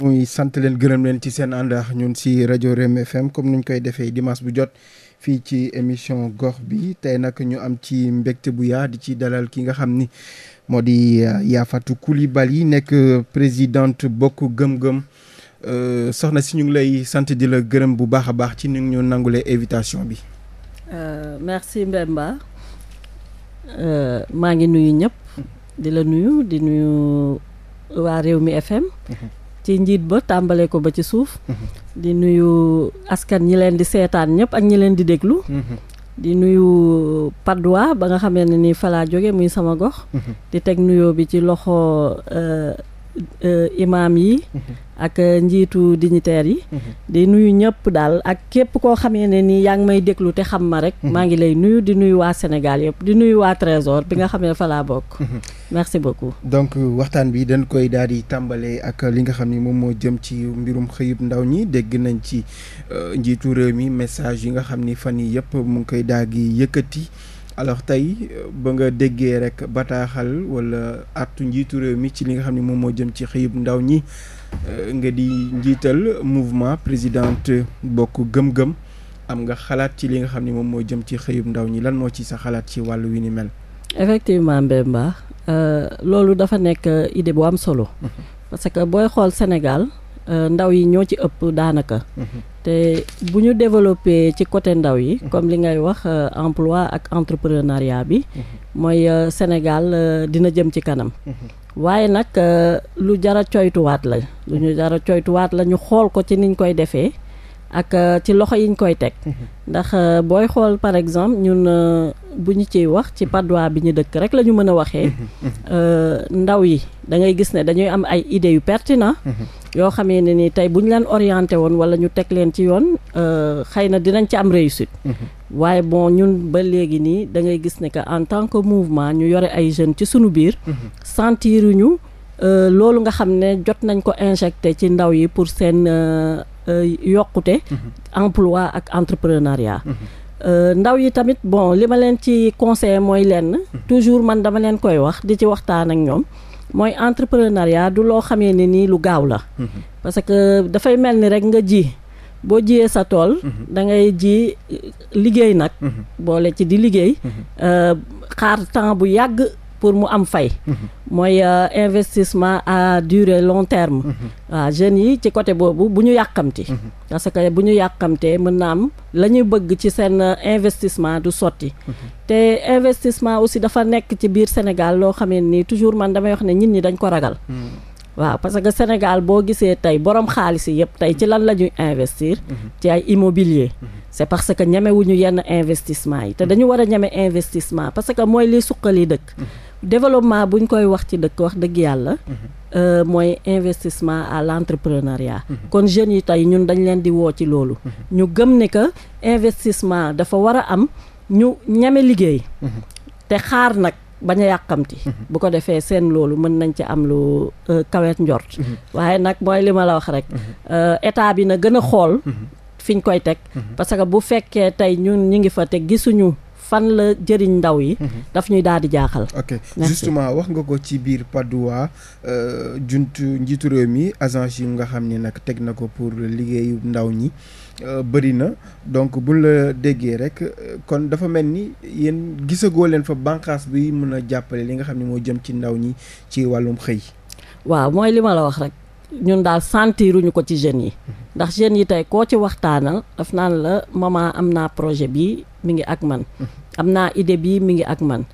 muy sant leen gërëm leen ci seen ànd ak ñun si rajo Rewmi FM comme ñu koy defee dimanche bu jot fii ci émission gox bi tey nag ñu am ci mbégte bu yaa di ci dalal ki nga xam ni moo di yaafatu euh, Yafatou yi nekk président bokk gëm-gëm euh, soxna si ñu ngi lay sant di la gërëm bu baax a baax ci ni ñu nangulee invitation bi. Euh, merci Mbemba ngi nuyu nuyu di nuyu waa ci njiit ba tàmbalee ko ba ci suuf. Mm-hmm. di nuyu askan ñi leen di seetaan ñëpp ak ñi leen di déglu. Mm-hmm. di nuyu Padois ba nga xamee ni falaa jóge muy sama gox. Mm-hmm. di teg nuyoo bi ci loxo. Euh, Euh, imaam yi mm-hmm. ak euh, njiitu dignitaires yi mm-hmm. di nuyu ñëpp daal ak képp koo xamee ne nii yaa ngi may déglu te xam ma rek mm-hmm. maa ngi lay nuyu di nuyu waa Sénégal yëpp di nuyu waa Trésor bi nga xam ne fa laa bokk merci beaucoup donc waxtaan bi dañ koy daal di tàmbale ak li nga xam ne moom moo jëm ci mbirum xëyub ndaw ñi dégg nañ ci euh, njiitu réew mi message yi nga xam ni fan yi yëpp mu ngi koy daal di yëkkati alors tey ba nga déggee rek bataaxal walla artu njiitu réew mi ci li nga xam ne moom moo jëm ci xëyub ndaw ñi euh, nga di njiital mouvement président bokk gëm-gëm am nga xalaat ci li nga xam ne moom moo jëm ci xëyub ndaw ñi lan moo ci sa xalaat ci wàllu wi ni mel. effectivement Mbemba euh, loolu dafa nekk euh, idée bu am solo. Mhm. parce que booy xool Sénégal ndaw yi ñoo ci ëpp daanaka. Mhm. te bu ñu développé ci côté ndaw yi. Mhm. comme li ngay wax euh, emploi ak entrepreneuriat bi. Mhm. mooy euh, Sénégal euh, dina jëm ci kanam. Mhm. waaye nag lu jar a coytuwaat la. lu ñu jar a coytuwaat la ñu xool ko ci niñ koy defee. ak euh, ci loxo yi ñu koy teg mm-hmm. ndax euh, booy xool par exemple ñun euh, bu ñu ciy wax ci padwa bi ñu dëkk rek la ñu mën a waxee mm-hmm. Mm-hmm. ndaw yi da ngay gis ne dañuy am ay idées yu pertinent yoo xamee ne ni tey bu ñu leen orienté woon wala ñu teg leen ci yoon xëy na dinañ ci am réussit waaye bon ñun ba léegi nii da ngay gis ne que en tant que mouvement ñu yore ay jeunes ci sunu biir sentiruñu loolu nga xam ne jot nañ ko injecté ci ndaw yi pour seen Euh, yokkute mhm. emploi ak entrepreneuriat mhm. euh, ndaw yi tamit bon li ma leen ci conseillé mooy lenn mhm. toujours man dama leen koy wax di ci waxtaan ak ñoom mooy entrepreneuriat du loo xamee ne nii lu gaaw la parce que dafay mel ni rek nga ji boo jiyee sa tool da ngay ji euh, liggéey nag boole ci di liggéey xaar temps bu yàgg pour mu am fay. mooy euh, investissement à durée long terme. waaw jeunes yi ci côté boobu bu ñu yàkkamti. parce que bu ñu yàkkamtee mën na am la ñuy bëgg ci seen euh, investissement du sotti. te investissement aussi dafa nekk ci biir Sénégal loo xamee ni toujours man damay wax ne nit ñi dañ ko ragal. waaw parce que Sénégal boo gisee tey boroom xaalis yi yëpp tey ci lan la ñuy investir. ci ay immobilier. c'est parce que ñemewuñu yenn investissement yi te dañu war a ñeme investissement que mooy liy développement bu ñu koy wax ci dëkk wax dëgg yàlla. Mhm. Euh, mooy investissement à l' mhm. kon jeunes yi tey ñun dañ leen di woo ci loolu. Mhm. ñu gëm ne que investissement dafa war a am ñu ñeme liggéey. te xaar nag bañ a yàqamti. bu ko defee seen loolu mën nañ ci am lu euh, kawet njort. waaye nag mooy li ma la wax rek. Euh, état bi na gën a xool. fiñ koy teg. parce que bu fekkee tey ñun ñu ngi fa te gisuñu. fan la jëriñ ndaw yi. Mhm. daf ñuy daal di jaaxal. ok Merci. wax nga ko ci biir Padoa euh, juntu njiitu réew mi agence yi nga xam ne nag teg na ko pour liggéeyu ndaw ñi euh, bëri na donc buñ la déggee rek euh, kon dafa mel ni yéen gisagoo leen fa bànqaas bi mën a jàppale li nga xam ne moo jëm ci ndaw ñi ci wàllum xëy. waaw mooy li la wax rek. ñun daal sentiruñu ko ci jeunes yi mhm. ndax jeunes yi tey koo ci waxtaanal daf naan la maman am naa projet bi mi ngi ak man am naa idée bii mi ngi ak man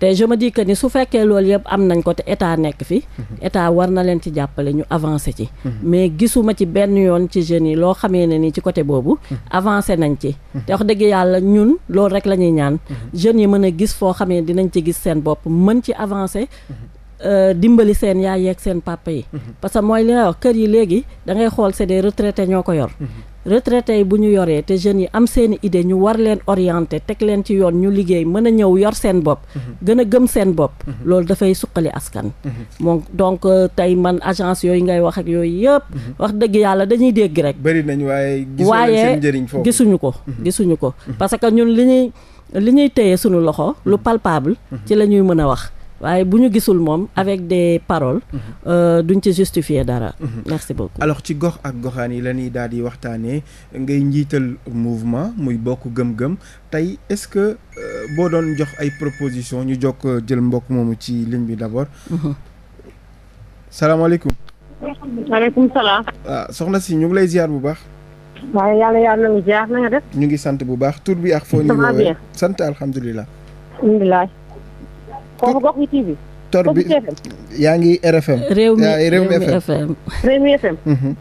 te je me dis ni su fekkee loolu yëpp am nañ ko te état nekk fi état war na leen ci jàppale ñu avancer ci mais gisuma ci benn yoon ci jeunes yi loo xamee ne ni ci côté boobu avancé nañ ci te wax dëgg yàlla ñun loolu rek lañuy ñaan jeunes yi mën a gis foo xamee dinañ ci gis seen bopp mën ci avancé euh, dimbali seen yaa yeeg seen papa yi parce que mooy li nga wax kër yi léegi da ngay xool c'est des retraités ñoo ko yor retraités yi bu ñu yoree te jeunes yi am seen i idée ñu war leen orienté teg leen ci yoon ñu liggéey mën a ñëw yor seen bopp. Mhm. gën a gëm seen bopp. Mhm. loolu dafay suqali askan. moom donc euh, tey man agence yooyu ngay wax ak yooyu yëpp. Mhm. wax dëgg yàlla dañuy dégg rek. bëri nañ waaye. waaye seen njëriñ gisuñu ko. gisuñu ko parce que ñun li ñuy li ñuy téye suñu loxo lu palpable. ci la ñuy mën a wax. waaye bu ñu gisul moom avec des paroles. Mhm. Euh, duñ ci justifier dara. Mhm. merci beaucoup alors ci gox ak goxaan yi la ñuy daal di waxtaanee ngay njiital mouvement muy bokk gëm-gëm tey est-ce que euh, boo doon jox ay propositions ñu jokk euh, jël mbokk moomu ci lim bi d'abord. Mhm. salaamaaleykum. maaleykum salaam. Ah, soxna si ñu ngi lay ziar bu baax. waaye yàlla yàlla na ñu ngi sant bu baax tur bi ak. foo ñu sant alhamdulilah. foofu tor bi yaa ngi RFM. réew mi réew mhm.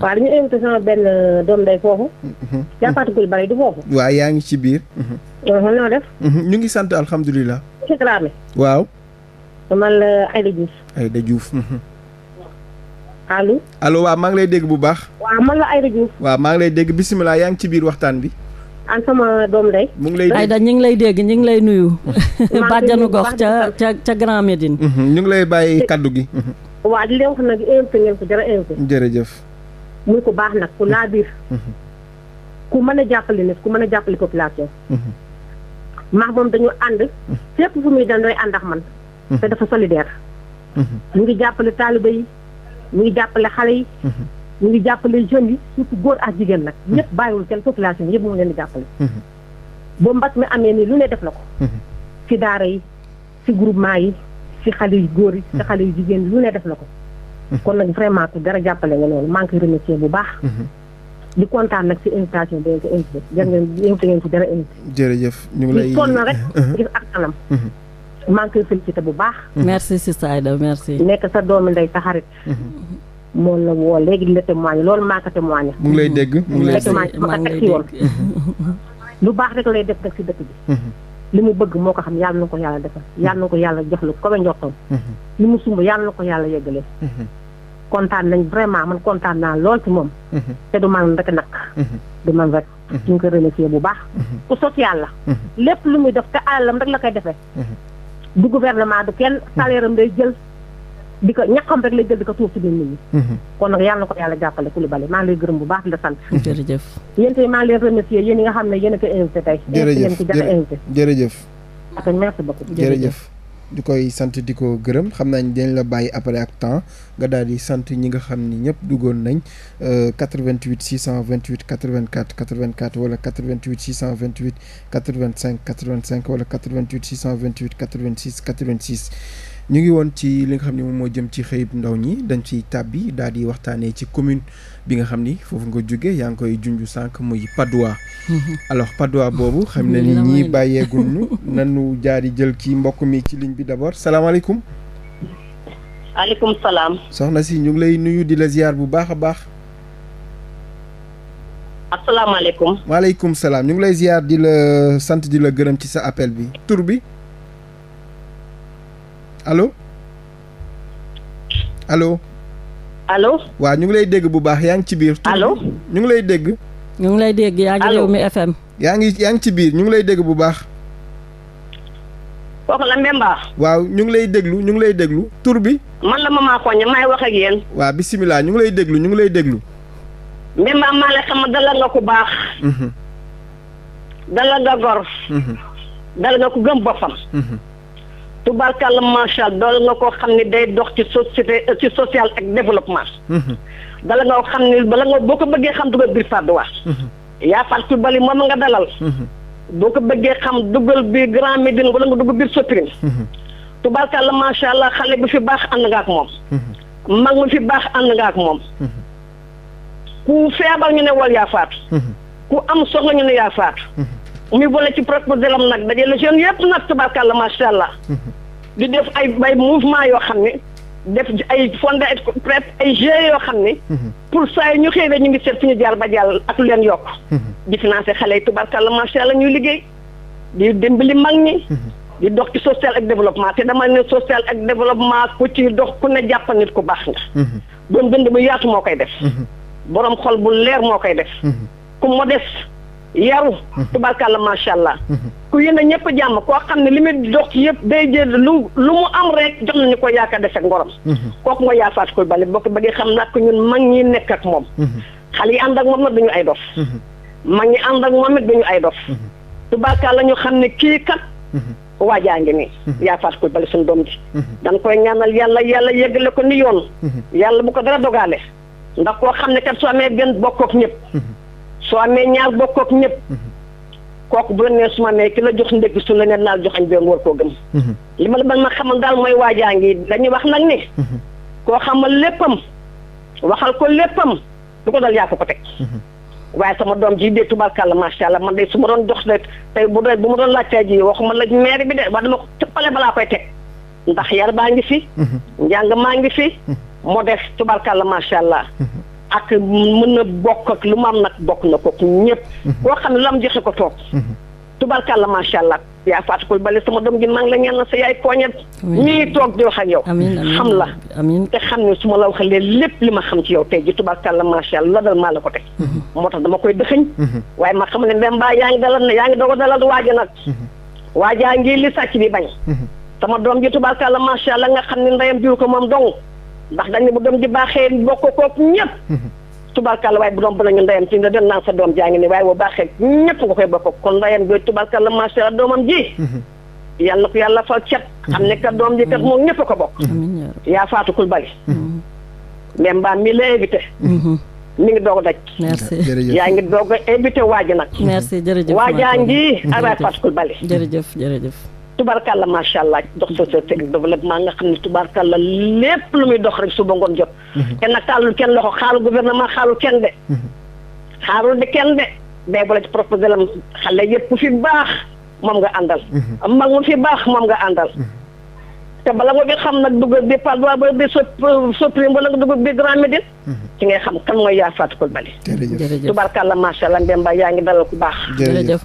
waaw dañu invité sama benn euh, doom day foofu. Mhm. jàppaatugul bari du foofu. waaw yaa ngi ci biir. Mhm. ñu ngi sant alhamdulilah. monsieur Dramé. waaw. la Aïda maa ngi lay dégg bu baax. waaw man maa ngi lay dégg bisimilah yaa ngi ci biir waxtaan bi. an sama doom lay mu ngi lay Aïda ñu ngi lay dégg ñu ngi lay nuyu. bàjjanu gox ca ca ca Grand Médine. Mhm, ñu ngi lay bàyyi kàddu gi. Mhm. waa di leen wax nag invité ngeen ko jërë invité. jërëjëf. muy ko baax nag ku laa mhm. biir. ku mën a jàppale nit ku mën a jàppale population. maax moom dañu ànd. fépp fu muy dem day ànd ak man. te dafa solidaire. mu ngi jàppale taaliba yi mu ngi jàppale xale yi. ñu ngi jàppale jeunes yi góor ak jigéen nag. Hmm. ñëpp bàyyiwul kenn population yëpp mu leen jàppale. Hmm. boo mbas mi amee nii lu ne def na ko. ci hmm. daara yi ci groupement yi ci xale yu góor yi. ci xale yu jigéen yi lu ne def na ko. kon nag vraiment ku dara jàppale nga loolu maa ngi koy remercier bu baax. di kontaan nag ci invitation bi ngeen ngeen invité ngeen ci dara invité. jërëjëf ñu ngi na rek. Uh-huh. gis ak kanam. maa ngi koy félicité bu baax. merci si Sayda merci. nekk sa doomu ndey sa xarit. moom la woo léegi di la témoigner loolu maa ko témoigner. mu ngi lay dégg mu lay dégg maa ngi lay dégg lu baax rek lay def nag si dëkk bi. li mu bëgg moo ko xam yàlla na ko yàlla defal yàlla na ko yàlla jox lu ko ba njortam. li mu sumb yàlla na ko yàlla yeggalee. kontaan nañ vraiment man kontaan naa lool ci moom. te du man rek nag. du man rek. ñu ngi ko remercier bu baax. ku sot yàlla. lépp lu muy def te alalam rek la koy defe du gouvernement du kenn salaire am di ko ñaqam rek lay jël di ko tuur ci biir nit ñi mhm. kon nag yàlla na ko yàlla jàppale Coulibaly maa ngi gërëm bu baax di la sant jërëjëf nga xam ne jërëjëf jërëjëf ak merci beaucoup jërëjëf di koy sant di ko gërëm xam naa ni dañ la bàyyi après ak temps nga daal di sant ñi nga xam ni ñëpp duggoon nañ 88 628 84 84 wala 88 628 85 85 wala 88 628 86 86 ñu ngi woon ci li nga xam ne moom moo jëm ci xëyib ndaw ñi dañ ciy tàbbi daal di waxtaanee ci commune bi nga xam ni foofu nga jóge yaa ngi koy junj sànq muy Padois. alors Padois boobu xam na ni ñii bàyyeegul ñu nanu jaari jël kii mbokk mi ci ligne bi d'abord salaamaaleykum. aleykum salaam. soxna si ñu ngi lay nuyu di la ziar bu baax a baax. asalaamaaleykum. maaleykum salaam ñu ngi lay ziar di la sant di la gërëm ci sa appel bi tur bi. allo allo. allo. waa ñu ngi lay dégg bu baax yaa ngi ci biir. allo ñu ngi lay dégg. ñu ngi lay dégg yaa ngi Rewmi yaa ngi yaa ngi ci biir ñu ngi lay dégg bu baax. kooku la Mbemba. waaw ñu ngi lay déglu ñu ngi lay déglu tur bi. man la maman Kogne maay wax ak yéen. waaw bisimilah ñu ngi lay déglu ñu ngi lay déglu. Mbemba maa la xam dalal nga ku baax. Mhm. dalal nga gor. Mhm. dalal nga ku gëm boppam. Mhm. tubarkalla macha allah dool nga koo xam ne day dox ci société ci social ak développement. dala mm-hmm. nga xam ne bala nga boo ko bëggee xam dugal biir Patte d'Oie. Mm-hmm. yaa Fatou Bali moom nga dalal. Mm-hmm. boo ko bëggee xam dugal biir Grand Médine wala nga dugg biir Soprim. tubarkalla macha allah xale bu fi baax ànd nga ak moom. mag mu fi baax ànd nga ak moom. ku feebar ñu ne wal yaa ku am soxla ñu ne yaa ñu boole ci proposé-lam da dajale jeunes yëpp nag tabarkàlla macha allah. di def ay bay mouvement yoo xam ne def ay fondé ay prep ay GIE yoo xam ne. pour saa ñu xëy ñu ngi seet fu ñu jaar ba jàll ak leen yokk. di financé xale yi tabarkàlla la allah ñuy liggéey di dimbali mag ñi. di dox ci social ak développement te dama ne social ak développement ku ci dox ku ne jàpp nit ku baax nga. doon dund bu yaatu moo koy def. borom xol bu leer moo koy def. ku modeste. yaru mhm. la macha allah. Mhm. ku yéen a ñëpp jàmm koo xam ne li muy dox yëpp day jël lu lu mu am rek jox nañu ko yaakaar def ak ngorom. Mhm. kooku nga yaafaat koy bale bokk ba xam naa ko ñun mag ñi nekk ak moom. xale yi ànd ak moom nag duñu ay dof. mag ñi ànd ak moom it duñu ay dof. tubarkàlla ñu xam ne kii kat. waajaa ngi nii yaafaat koy bale suñ doom ji. dañ koy ñaanal yàlla yàlla yëgale ko ni yoon. yàlla bu ko dara dogaale. ndax koo xam ne kat soo amee gën bokk ñëpp. soo amee ñaar bokk ak ñëpp kooku bu la nee su ma nee ki la jox ndékki su la nee naal jox añ benn war koo gëm li ma la ban ma xamal daal mooy waajaa ngi dañuy wax nag ne koo xamal léppam waxal ko léppam lu ko dal yaa ko ko teg waaye sama doom ji dee tubaarkàlla macha allah man de su ma doon dox de tey bu doon bu ma doon te ji waxuma la maire bi de wax dama ko cëppale balaa koy teg ndax yar baa ngi fi njàng maa ngi fi mm-hmm. moo def tubaarkàlla macha allah ak mën na bokk ak lu mam nag bokk na ko ñëpp. Mhm. koo xam ne lam joxe ko toog. Mhm. tubarkàlla macha allah yaa faatu ko bale sama doom gi maa la la ñaanal sa yaay poñet ñii toog di wax ak yow xam la te xam ne su ma la waxee lépp li ma xam ci yow tey ji tubarkàlla macha allah la dal maa la ko teg mhm. moo tax dama koy dëxëñ waaye ma xam ne dem baa yaa ngi dala ne yaa ngi doog a dalal waaja nag waajaa ngi li sàcc bi bañ sama doom ji tubarkàlla macha allah nga xam ne ndeyam jur ko moom dong ndax dañ ne bu doom ji baaxee bokk kook ñëpp tubarkalla waaye bu doom bu nañu ndeyam ci ne dem naan sa doom jaa ngi ni waaye bu baaxee ñëpp nga koy bokk kon ndeyam jooy tubarkalla macha allah doomam ji yàlla na ko yàlla fal cet xam ne kat doom ji kat moom ñëpp a ko bokk yaa faatukul bari mais mbaam mi la évité mhm. mi ngi doog a daj yaa ngi doog a évité waa ji nag waajaa ngi araa faatukul bari jërëjëf jërëjëf tubaarkàlla macha allah dox société ak développement nga xam ne tubaarkàlla lépp lu muy dox rek suba ngoon jot. te mhm. nag tàllul kenn loxo xaaru gouvernement xaarul kenn de. Mhm. xaarul de kenn de mais bu la ci proposé lam xale yëpp fi baax moom nga àndal. Mhm. mag mu fi baax moom nga àndal. te bala nga bi xam nag dugg bi Patte d'Oie ba bi Soprim wala nga dugg bi Grand Médine mhm. ci ngay xam kan mooy yaa Fatou Coulibaly tubarkalla macha allah Mbemba yaa ngi dalal ku baax jërëjëf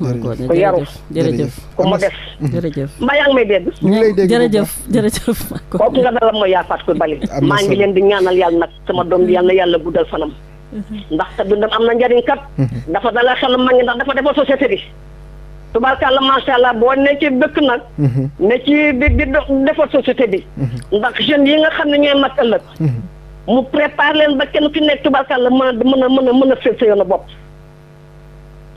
ku yaru jërëjëf ku mu def jërëjëf mbaa yaa ngi may dégg ñu ngi lay dégg jërëjëf jërëjëf nga dalal mooy yaa Fatou Coulibaly maa ngi leen di ñaanal yàlla nag sama doom bi yàlla na yàlla guddal fanam mhm. ndax dundam am na njariñ kat mhm. dafa dalal xel mag ngi ndax dafa defal société bi tubaarkàlla macha allah boo ne ci dëkk nag. Mhm. ne ci di di defar société bi. Mhm. ndax jeunes yi nga xam ne ñooy mat ëllëg. Mhm. mu prépare leen ba kenn ku nekk tubaarkàlla mën a mën a mën a mën a fël sa yoonu bopp.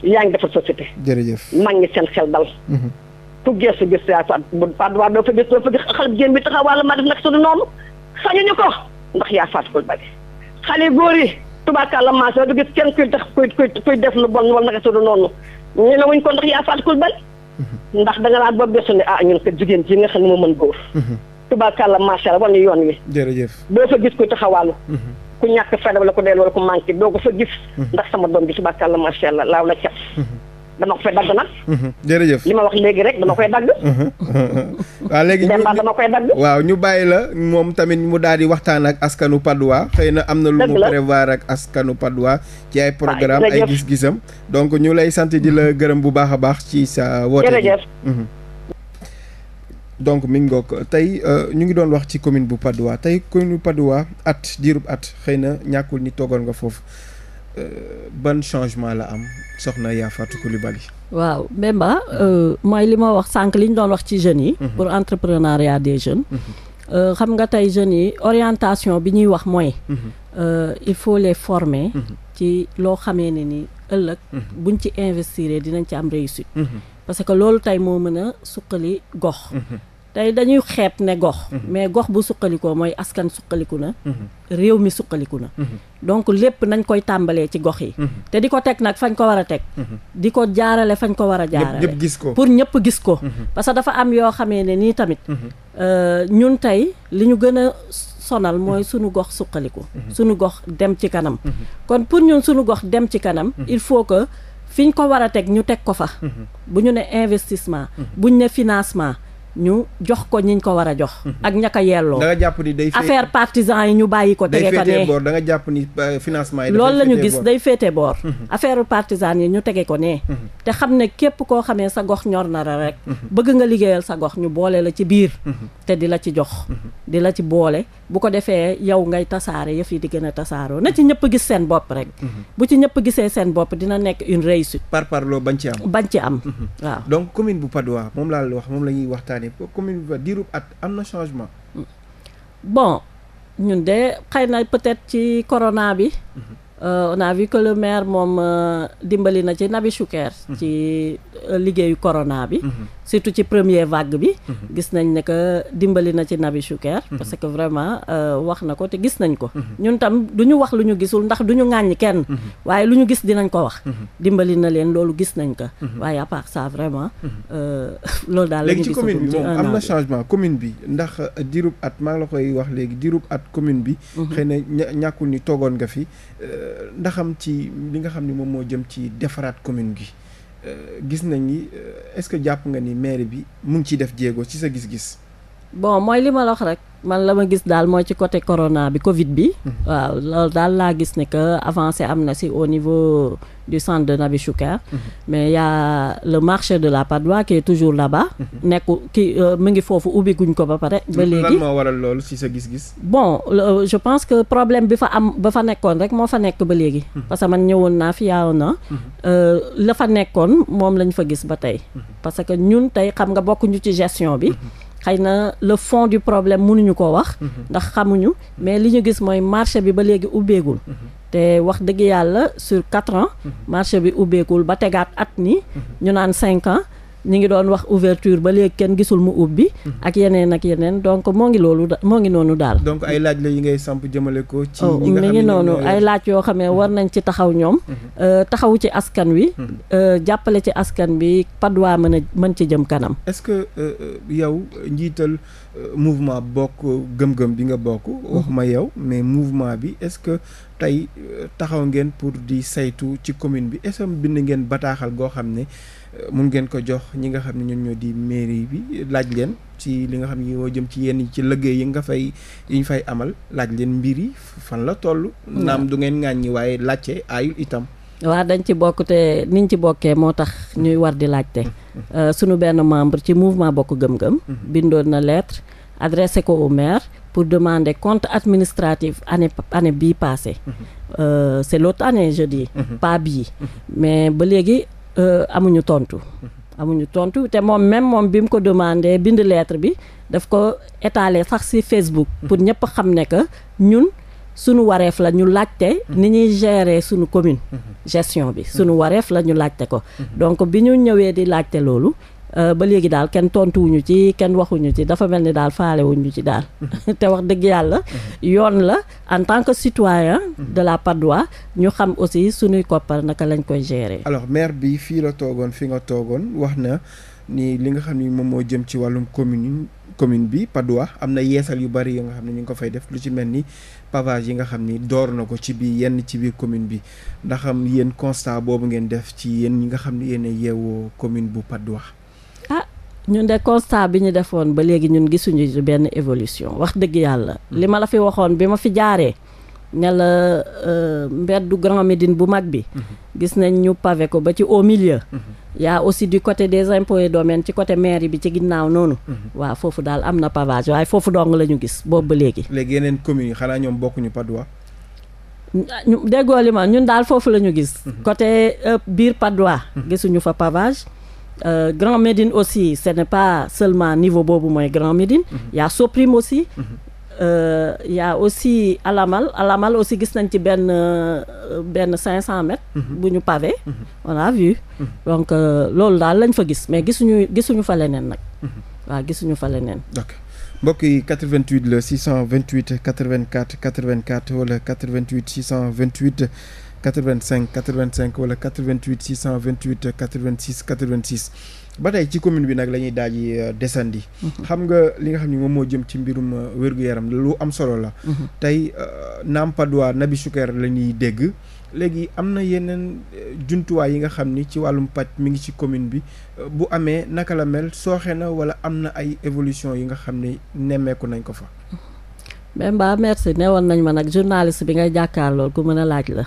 yaa ngi defar société. jërëjëf mag ñi seen xel dal. ku geesu gis yaa fa bu Patte d'Oie doo fa gis doo fa gis xale jigéen bi taxawal ma def nag su du noonu. sañuñu ko ndax yaa fàttaliku bëri xale góor yi tubaarkàlla macha allah du gis kenn kuy tax kuy kuy def lu bon wala naka su du noonu. ñu ne wuñ ko ndax yaa fàttikul bal ndax da nga naan ba besu ne ah ñun kat jigéen ji nga xam ne man mën góor mhm. tubaakàlla macha allah wane yoon wi jërëjëf doo fa gis ku taxawaalu mhm. ku ñàkk fayda wala ku deel wala ku manqué doo ko fa gis mhm. ndax sama doom bi tubaakàlla macha allah laaw la cat dama ko dagg nag. Mhm. jërëjëf li ma wax léegi rek mhm. dama koy dagg. waaw ñu bàyyi la moom tamit mu daal di waxtaan ak askanu Padois xëy na am na lu mu prévoir ak askanu Padois ci ay programme ay gis-gisam. donc ñu lay sant di la gërëm bu baax a baax ci sa woote. jërëjëf. Mhm. donc mi ngoog tey euh, ñu ngi doon wax ci commune bu Padois tey commune bu Padois at diirub at xëy na ñàkkul ni toogoon nga foofu. Euh, ban changement la am soxna Yafatou Coulibaly. waaw Mbemba euh, mooy li ma wax sànq li ñu doon wax ci jeunes yi. Mhm. pour entrepreneuriat des jeunes. Mhm. Euh, xam nga tey jeunes yi orientation bi ñuy wax mooy. Mhm. il faut les forme ci loo xamee ne ni ëllëg. buñ ci investire dinañ ci am réussite. parce que loolu tey moo mën a suqali gox. tey dañuy xeet ne gox. Mhm. mais gox bu suqalikoo mooy askan suqaliku na. Mhm. réew mi suqaliku na. Mhm. donc lépp nañ koy tàmbalee ci gox yi. te di ko teg nag fañ ko war a teg. di ko jaarale fañ ko war a jaarale. gis ko pour ñëpp gis ko. parce que dafa am yoo xamee ne nii tamit. Euh, ñun tey li ñu gën a sonal mooy suñu gox suqaliku. suñu gox dem ci kanam. kon pour ñun sunu gox dem ci kanam. il faut que. fiñ ko war a teg ñu teg ko fa. bu ñu ne investissement. buñ ne financement. ñu jox ko ñiñ ko war a jox. Mhm. ak ñaka yelloo. jàpp ni day affaire partisan yi ñu bàyyi ko. tege ko nee da nga jàpp ni euh, financement loolu la ñu gis day féete boor. Mhm. affaire partisan yi ñu tege ko nee. Mhm. te xam ne képp koo xamee sa gox ñor na la rek. bëgg nga liggéeyal sa gox ñu boole la ci biir. te di la ci jox. di la ci boole. bu ko defee yow ngay tasaare yëf yi di gën a tasaaroo na ci ñëpp gis seen bopp rek. Mhm. bu ci ñëpp gisee seen bopp dina nekk une réussite. par parloo bañ ci am bañ ci am. Mhm. waaw donc commune bu Patte d'Oie moom laa wax moom la ñuy waxtaanee commune bu diirub at am na changement. Mm. bon ñun de xëy na peut-être ci corona bi. Mhm. Euh, on a vu que le moom euh, dimbali na ci Nabi Choucair mhm. ci euh, liggéeyu corona bi mhm. surtout ci première vague bi mhm. gis nañ ne que dimbali na ci Nabi Choucair parce que vraiment wax na ko te gis nañ ko ñun tam du ñu wax lu ñu gisul ndax du ñu ŋàññi kenn waaye lu ñu gis dinañ ko wax dimbali na leen loolu gis nañ ko waaye à part ça vraiment loolu daal léegi ci commune bi moom am na changement commune bi ndax diirub at maa la koy wax léegi diirub at commune bi xëy na ni toogoon nga fi ndaxam ci li nga xam ni moom moo jëm ci defaraat commune gi euh, gis nañ ni euh, est-ce que jàpp nga ni maire bi mu ngi ciy def jéego ci sa gis-gis. bon mooy li ma la wax rek man la ma gis daal mooy ci côté corona bi Covid bi. Mhm. waaw loolu daal laa gis ne que avancé am na si au niveau du centre de Nabichouka. Mhm. mais y' le marché de la Padoie qui toujours la ba mhm. nekku ki euh, mu ngi foofu ubbi ko ba pare. ba léegi lan moo loolu si sa gis-gis. bon je pense que problème bi fa am ba fa nekkoon rek moo fa nekk ba léegi. parce que man ñëwoon naa fi yaaw na. Euh, la fa nekkoon moom lañ fa gis ba tey. parce que ñun tey xam nga bokkuñu ci gestion bi. xëy na le fond du problème mënuñu ko wax. Mhm. ndax xamuñu mais li ñu gis mooy marché bi ba léegi ubbeegul. Mhm. te wax dëgg yàlla sur quatre ans. Mhm. marché bi ubbeegul ba tegaat at ni ñu naan cinq ans. ñi ngi doon wax ouverture ba léegi kenn gisul mu ubbi. Mhm. ak yeneen ak yeneen donc moo ngi loolu moo ngi noonu daal. donc ay laaj la yi ngay samp jëmale ko. ci oh, ñi nga xam ne mi ngi noonu ay laaj yoo xam ne mhm. war nañ ci taxaw ñoom. Mhm. Euh, taxawu ci askan wi. Euh, jàppale ci askan bi Padois mën a mën ci jëm kanam. est-ce que euh, yow njiital mouvement bokk gëm-gëm bi nga bokk. wax ma yow mais mouvement bi est-ce que tey taxaw ngeen pour di saytu ci commune bi est-ce bind ngeen bataaxal goo xam ne. mun ngeen ko jox ñi nga xam ne ñun ñoo di mairie bi laaj leen ci li nga xam ne moo jëm ci yenn ci liggéey yi nga fay yi ñu fay amal laaj leen mbir yi fan la toll. naam du ngeen ŋàññi waaye laajte aayul itam. waa dañ ci bokk te niñ ci bokkee moo tax ñuy war di laajte. Mm-hmm. Euh, sunu benn membre ci mouvement bokk gëm-gëm. Mm-hmm. bindoon na lettre adressé ko au maire pour demander compte administratif année année bii mm-hmm. euh, c'est l'autre année je dis. pas bii mais ba léegi Euh, amuñu tontu. amuñu tontu te moom même moom bi mu ko demandee bind leetre bi daf ko étaler sax ci Facebook. pour ñëpp xam ne que ñun sunu wareef la ñu laajte. ni ñuy gérer sunu commune. Mhm. gestion bi sunu wareef la ñu laajte ko. Mhm. donc bi ñu ñëwee di laajte loolu. Euh, ba léegi daal kenn tontuwuñu ci kenn waxuñu ci dafa mel ni daal faalewuñu ci daal mm-hmm. te wax dëgg yàlla mm-hmm. yoon la en tant que citoyen mm-hmm. de la Patte d'Oie ñu xam aussi suñuy koppar naka lañ koy gérer. alors maire bi fii la toogoon fi nga toogoon wax na ni li nga xam ni moom moo jëm ci wàllum commune commune bi Patte am na yeesal yu bari yoo nga xam ne ñu ngi ko fay def lu ci mel ni pavage yi nga xam ni door na ko ci biir yenn ci biir commune bi ndax am yéen constat boobu ngeen def ci yéen ñi nga xam yéen a commune bu Patte d'Oie ah ñun de constat bi ñu defoon ba léegi ñun gisuñu ci benn évolution wax dëgg yàlla. Hmm. li ma la fi waxoon bi ma fi jaaree. ne la euh, mbeddu Grand Médine bu mag bi. Hmm. gis nañ ñu pavé ko ba ci au milieu. Hmm. y aussi du côté des impôts et ci côté mairie bi ci ginnaaw noonu. waaw foofu daal am na pavage waaye foofu dong la ñu gis boobu ba léegi. léegi yeneen communes yi xanaa ñoom bokkuñu Patte d'Oie. Ah, déggoo li ma ñun daal foofu la ñu gis. côté euh, biir Patte gisuñu fa pavage. Euh, Grand Médine aussi ce n'est pas seulement niveau boobu mooy Grand Médine mm -hmm. y Soprim aussi mm -hmm. euh, y aussi Alamal Alamal aussi gis nañ ci benn euh, benn cinq cent mètres mhm. bu ñu pavé mhm. on a vu mhm. donc euh, loolu daal lañ fa gis mais gisuñu gisuñu fa leneen nag waaw gisuñu fa leneen mbokk yi 88 la 628 84 84 wala 88 628 85 85 wala 88 628 86 86 ba tey ci commune bi nag la ñuy daal di euh, desandi. Mhm. xam nga li nga xam ne moom moo jëm ci mbirum euh, wér-gu-yaram lu am solo la. Mhm. tey euh, Nampadois Nabi Choucair la ñuy dégg. léegi am na yeneen jumtuwaay yi nga xam ni ci wàllum paj mi ngi ci commune bi bu amee naka la mel sooxe na wala am na ay évolution yi nga xam ni nemmeeku nañ ko fa. Mhm. Mbemba merci newoon nañ ma nag journaliste bi ngay jàkkaar lool ku mën a laaj la.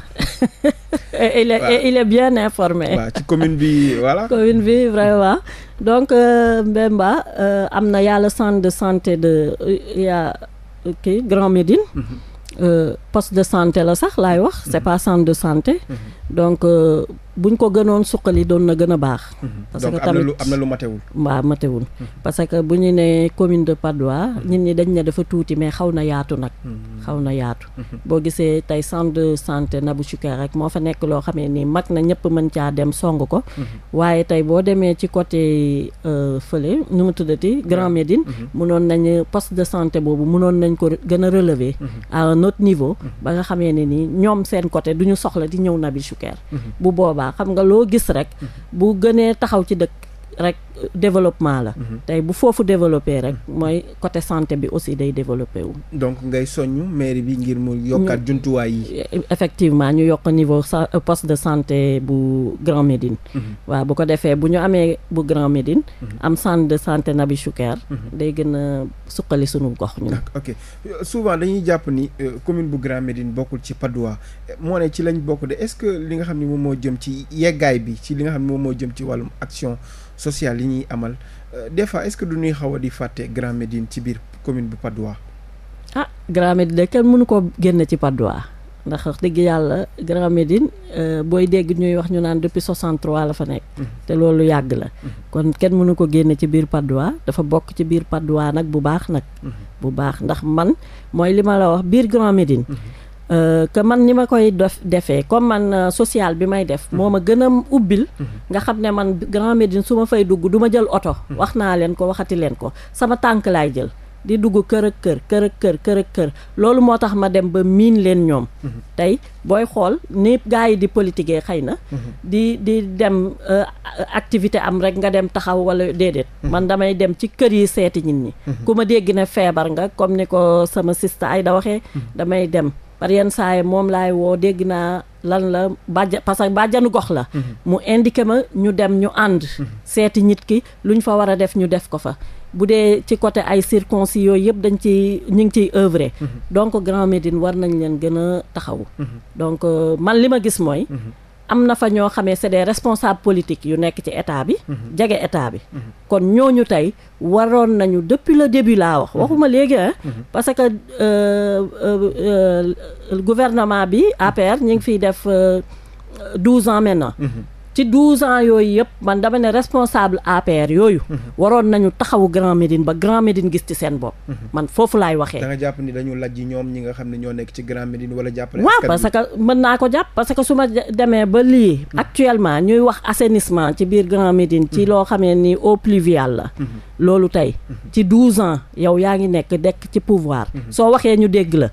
il est bien informé. ci commune bi voilà. commune bi vraiment donc euh, Mbemba euh, am na yàlla centre de santé de kii euh, okay, Grand Médine. Mm poste de santé la sax laay wax. c'est mm -hmm. pas centre de santé. Mhm. donc. buñ ko gënoon suqali doon na gën a baax. Mhm. parce que tamit am na lu matewul. waaw matewul mhm. parce que bu ñu nee commune de Patte d'Oie. Mhm. nit ñi dañ ne dafa tuuti mais xaw na yaatu nag. xaw na yaatu. boo gisee tey centre de santé Nabou Choucair rek moo fa nekk loo xam ne nii mag na ñëpp mën caa dem song ko. waaye tey boo demee ci côté euh, fële nu mu tuddati Grand Médine. munoon nañu poste de santé boobu munoon nañ ko gën a relever. à not autre niveau. ba nga xamee ne nii ñoom seen côté du soxla di ñëw Nabou xam nga loo gis rek bu gënee taxaw ci dëkk rek développement la. Mhm. tey bu foofu développé rek mhm. mooy côté santé bi aussi day développé wu. donc ngay soññ mairie bi ngir mu yokkaat mm. jumtuwaay yi. effectivement ñu yokk niveau sa euh, poste de santé bu Grand Médine. Mhm. waaw bu ko defee bu ñu amee bu Grand Médine. am centre de santé Nabi Choucair. day gën a suqali sunu gox ñun. ok euh, souvent dañuy jàpp ni euh, commune bu Grand Médine bokkul ci Padois moo ne ci lañ bokk de est-ce que li nga xam ne moom moo jëm ci yeggaay bi ci li nga xam moom moo jëm ci wàllum action. sociale yi ñuy amal euh, des fois est-ce que du ñuy xaw a di fàtte Grand Médine ci biir commune bu Patte d'Oie. ah Grand Médine de kenn mënu ko génn ci Patte ndax wax dëgg yàlla Grand Médine euh, booy dégg ñuy wax ñu naan depuis 63 la fa nekk. Mhm. te loolu yàgg la. Mhm. kon kenn mënu ko génne ci biir Patte dafa bokk ci biir Patte nag bu baax nag. Mhm. bu baax ndax man mooy li ma la wax biir Grand Médine. Euh, que man ni ma koy def defee comme man euh, sociale bi may def moo ma gën a ubbil mhm. nga xam ne man Grand Médine su ma fay dugg du ma jël oto mhm. wax naa leen ko waxati leen ko sama tànk laay jël di dugg kër ak kër kër ak kër kër loolu moo tax ma dem ba miin leen ñoom mhm. tey booy xool ni gars yi di politiquer xëy na di di dem euh, activité am rek nga dem taxaw wala déedéet man damay dem ci kër yi seeti nit ñi ku ma dégg ne feebar nga comme ni ko sama sista ay da waxee damay dem par yenn saa yi moom laay woo dégg naa lan la bàjja parce que bàjjanu gox la. Mhm. mu indiqué ñu dem ñu ànd. Mhm. seeti nit ki lu ñu fa war a def ñu def ko fa. bu dee ci côté ay circoncis yooyu yëpp dañ ci ñu ngi ciy œuvrer. Mhm. donc Grand Médine war nañ leen gën a taxawu. donc euh, man li ma gis mooy. am na fa ñoo xamee c'est des responsables politique yu nekk ci état bi. Mhm. jege état bi. Mhm. kon ñooñu tey waroon nañu depuis le début laa wax. Mhm. waxuma léegi ah. parce que euh, euh, euh gouvernement bi APR ñu ngi fiy def euh, douze ans maintenant. ci douze ans yooyu yëpp man dama ne responsable APR yooyu. Mhm. waroon nañu taxawu Grand Médine ba Grand Médine gis ci seen bopp. Mhm. man foofu laay waxee. da jàpp ni dañu lajj ñoom ñi nga xam ne ñoo nekk ci Grand Médine wala jàppale. waaw que mën naa ko jàpp parce que su ma demee ba lii. Mhm. actuellement ñuy wax assainissement ci biir Grand Médine. ci loo xamee ni eau pluviale la. loolu tey ci douze ans yow yaa ngi nekk dekk ci pouvoir. soo waxee ñu dégg la.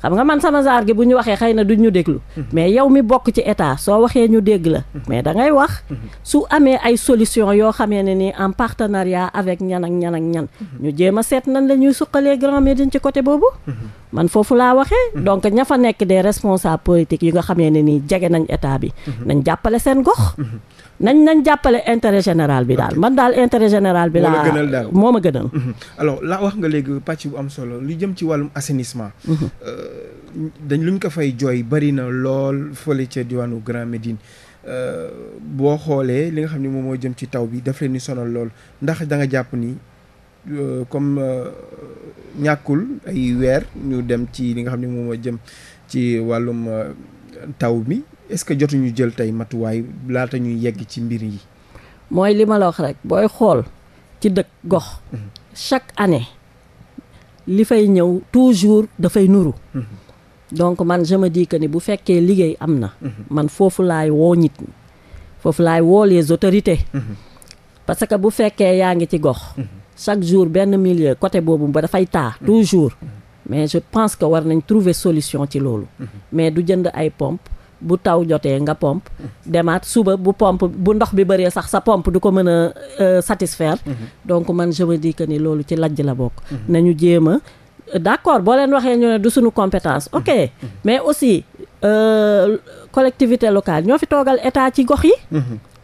xam nga man sama genre gi bu ñu waxee xëy na duñ ñu déglu. Mhm. mais yow mi bokk ci état soo waxee ñu dégg la. Mhm. mais da ngay wax. Mhm. su amee ay solution yoo xamee ne nii en partenariat avec ñan ak ñan ñu jéem a seet nañ la ñuy suqalee Grand Médine ci côté boobu. man foofu laa waxee. donc ña fa nekk dee responsables politiques yi nga xamee ne nii jege nañ état bi. nañ jàppale seen gox. nañ nañ jàppale intérêt général bi daal man daal intérêt général bi laa gënal daal moo ma gënal mhm. alors laa wax nga léegi pàcc bu am solo lu jëm ci wàllum assainissement mhm. euh, dañ luñ ko fay jooy bari na lool fële ca diwaanu Grand Médine euh, boo xoolee li nga xam ne moom moo jëm ci taw bi daf leen ni sonal lool ndax da nga jàpp ni euh, comme ñàkkul ay weer ñu dem ci li nga xam ne moom moo jëm ci wàllum taw mi est-ce que jotuñu jël tey matuwaay laata ñuy yegg ci mbir yi. mooy li ma la wax rek booy xool ci dëkk gox. Mhm. chaque année li fay ñëw toujours dafay nuru. Mhm. donc man je me ni bu fekkee liggéey am na. Mhm. man foofu laay woo nit foofu laay woo les autorités. parce que bu fekkee yaa ngi ci gox. chaque jour benn millier côté boobu ba dafay taa toujours. mais je pense que war nañ trouver solution ci loolu. Mhm. mais du jënd ay pompe bu taw jotee nga pompe demaat suba bu pompe bu ndox bi bëree sax sa pompe du ko mën a euh, satisfaire. Mhm. donc man je me que ni loolu ci lajj la bokk. Mhm. nañu jéem a d'accord boo leen waxee ñu ne du suñu compétence. ok mais aussi euh, collectivité locale ñoo fi toogal état ci gox yi.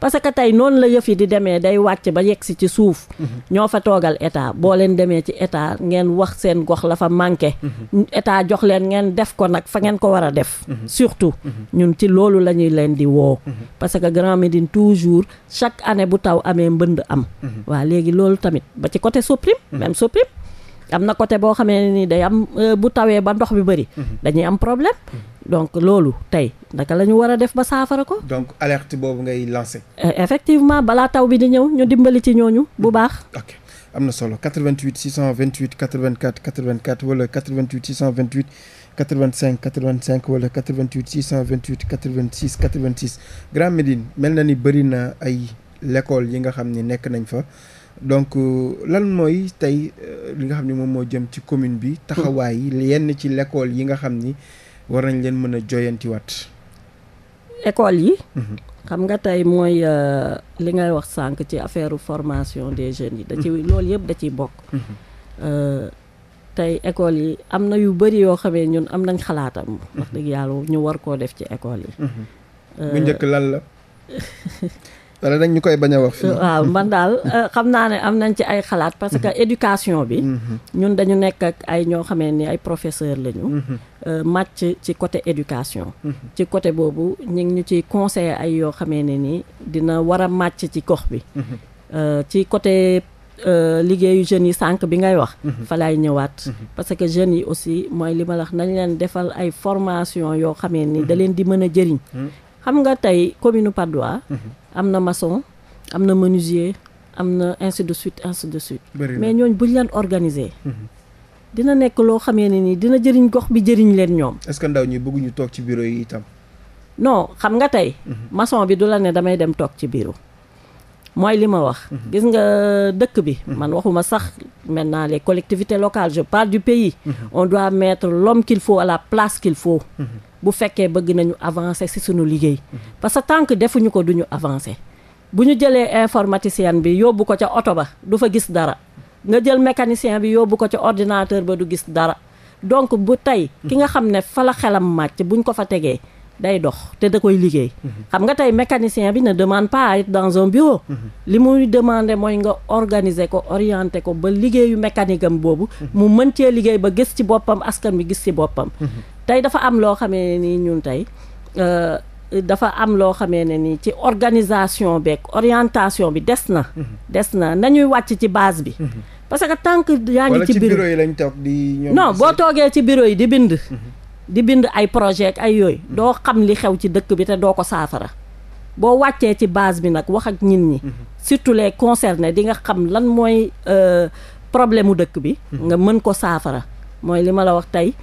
parce que tey noonu la yëf yi di demee day wàcc ba yegg si ci suuf. ñoo fa toogal état boo leen demee ci état ngeen wax seen gox la fa manqué. état jox leen ngeen def ko nag fa ngeen ko war a def. surtout ñun ci loolu la ñuy leen di woo. parce que Grand Médine toujours chaque année bu taw amee mbënd am. waa léegi loolu tamit ba ci côté Soprim. même Soprim am na côté boo xamee ni day am euh, bu tawee ba ndox bi bëri. dañuy am problème. donc loolu tey naka la ñu war a def ba saafara ko. donc alerte boobu ngay lancé. Euh, effectivement balaa taw bi di ñëw ñu dimbali ci ñooñu bu baax. ok am na solo 88 628 84 84 wala 88 628. 85 85 wala 88 628 86 86 Grand Médine mel na ni bëri na ay l'école yi nga xam ni nekk nañ fa donc euh, lan mooy tey euh, li nga xam ni moom moo jëm ci commune bi. taxawaay yenn ci l'école yi nga xam ni. war nañ leen mën a joyantiwaat. école yi. Mhm. xam nga tey mooy euh, li ngay wax sànq ci affaire formation des jeunes yi. da ci mhm. lool yëpp da ciy bokk. Mhm. Euh, tey école yi am na yu bëri yoo xamee ñun am nañ xalaatam. wax dëgg yàlla ñu war koo def ci école yi. Euh, bu njëkk lan la. pare dañ ñu koy bañ a wax euh, waaw man daal euh, xam naa ne am nañ ci ay xalaat parce que mm-hmm. éducation bi. Mm-hmm. ñun dañu nekk ak ay ñoo xamee ni ay professeur lañu. Mm-hmm. Euh, màcc ci côté éducation. ci côté boobu ñu ngi ñu ci conseiller ay yoo xamee ne nii dina war a màcc ci gox bi. ci côté. Euh, liggéeyu jeunes yi sànq bi ngay wax. Mm -hmm. ñëwaat. Mm parce que jeunes yi aussi mooy li ma la leen defal ay formation yoo xamee ni mm da leen di mën a jëriñ. xam nga tey commune Patte d'Oie mhm. am na mason am na menuisier am na ainsi de suite ainsi de suite mais ñooñ buñ leen organiser mhm. dina nekk loo xamee ne nii dina jëriñ gox bi jëriñ leen ñoom est-ce que ndaw ñi bëgguñu toog ci bureau yi itam non xam nga tey mhm. mason bi du la ne damay dem toog ci bureau mooy li ma wax gis nga dëkk bi man waxuma sax maintenant les collectivité locales je parle du pays on doit mettre l'homme qu'il faut à la place qu'il faut bu fekkee bëgg nañu avancer ci suñu liggéey parce que tant defuñu ko duñu avancer bu ñu jëlee informaticien bi yóbbu ko ca oto ba du fa gis dara nga jël mécanicien bi yóbbu ko ca ordinateur ba du gis dara donc bu tey ki nga xam ne fa la xelam màcc buñ ko fa tegee day dox te da koy liggéey. xam nga tey mécanicien bi ne demande pas à être bi un li muy demander mooy nga organiser ko orienter ko ba liggéeyu mécanique boobu. mu mën cee liggéey ba gis ci boppam askan bi gis ci boppam. tey dafa am loo xamee ni ñun tey. Euh, dafa am loo xamee ne ni ci organisation beeg orientation bi des na. des na nañuy wàcc ci base bi. parce que tant yaa ngi ci bureau yi lañu toog di. ñoom non boo toogee ci bureau yi di bind. di bind ay projet ay yooyu mm-hmm. doo xam li xew ci dëkk bi te doo ko saafara boo wàccee ci base bi nag wax ak nit ñi mm-hmm. surtout les concernés di nga xam lan mooy euh, problème mu dëkk bi mm-hmm. nga mën ko saafara mooy li ma la wax tey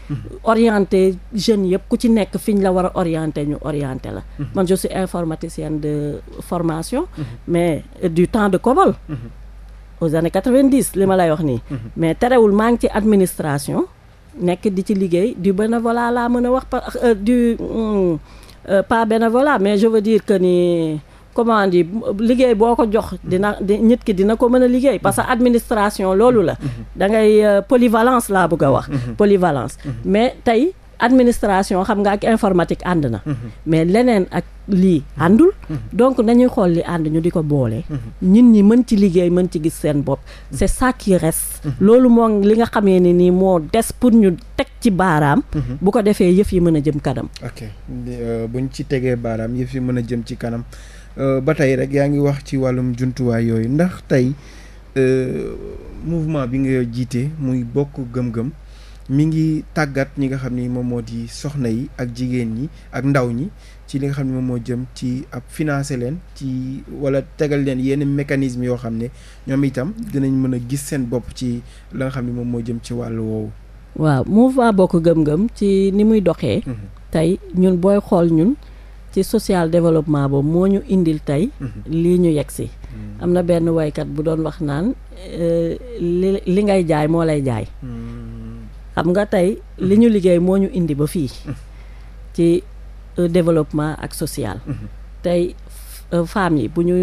orienté jeunes yëpp ku ci nekk fi ñu la war a orienté ñu orienté la man je suis de formation mais euh, du temps de Kobol aux années quatre-vingt-dix li ma lay wax nii mais terewul maa ngi ci administration nekk di ci liggéey du bénévolat laa mën a wax pa euh, du hmm, euh, pas bénévolat mais je veux dire que ni comment dire liggéey boo ko jox dina nit ki dina ko mën a liggéey parce que administration loolu la mm-hmm. da ngay euh, polyvalence laa bëgg a wax mm-hmm. polyvalence mm-hmm. mais tey administration xam nga ak informatique ànd na mhm. mais leneen ak lii àndul mhm. donc nañuy xool li ànd ñu di ko boole. Mhm. ñin ñi mën ci liggéey mën ci gis seen bopp c'est ça qui reste loolu moo li nga xamee ne nii moo des pour ñu teg ci baaraam bu ko defee yëf yi mën a jëm kanam ok euh, buñ ci tegee baaraam yëf yi mën a jëm ci kanam euh, ba tey rek yaa ngi wax ci wàllum jumtuwaay yooyu ndax tey euh, mouvement bi nga jiite muy bokk gëm-gëm mi ngi tàggat ñi nga xam ni moom moo di soxna yi ak jigéen ñi ak ndaw ñi ci li nga xam ne moom moo jëm ci ab financer leen ci wala tegal leen yenn mécanisme yoo xam ne ñoom itam dinañ mën a gis seen bopp ci la nga xam ne moom moo jëm ci wàllu woowu. waaw mouvement bokk gëm-gëm ci ni muy doxee. Mhm. tey ñun booy xool ñun ci social développement boobu moo ñu indil tey. Mhm. lii ñu yegg si. Mhm. am na benn woykat bu doon wax naan euh, li li ngay jaay moo lay jaay. xam nga tey li ñu liggéey moo ñu indi ba fii ci euh, développement ak social tey euh, femmes yi bu ñu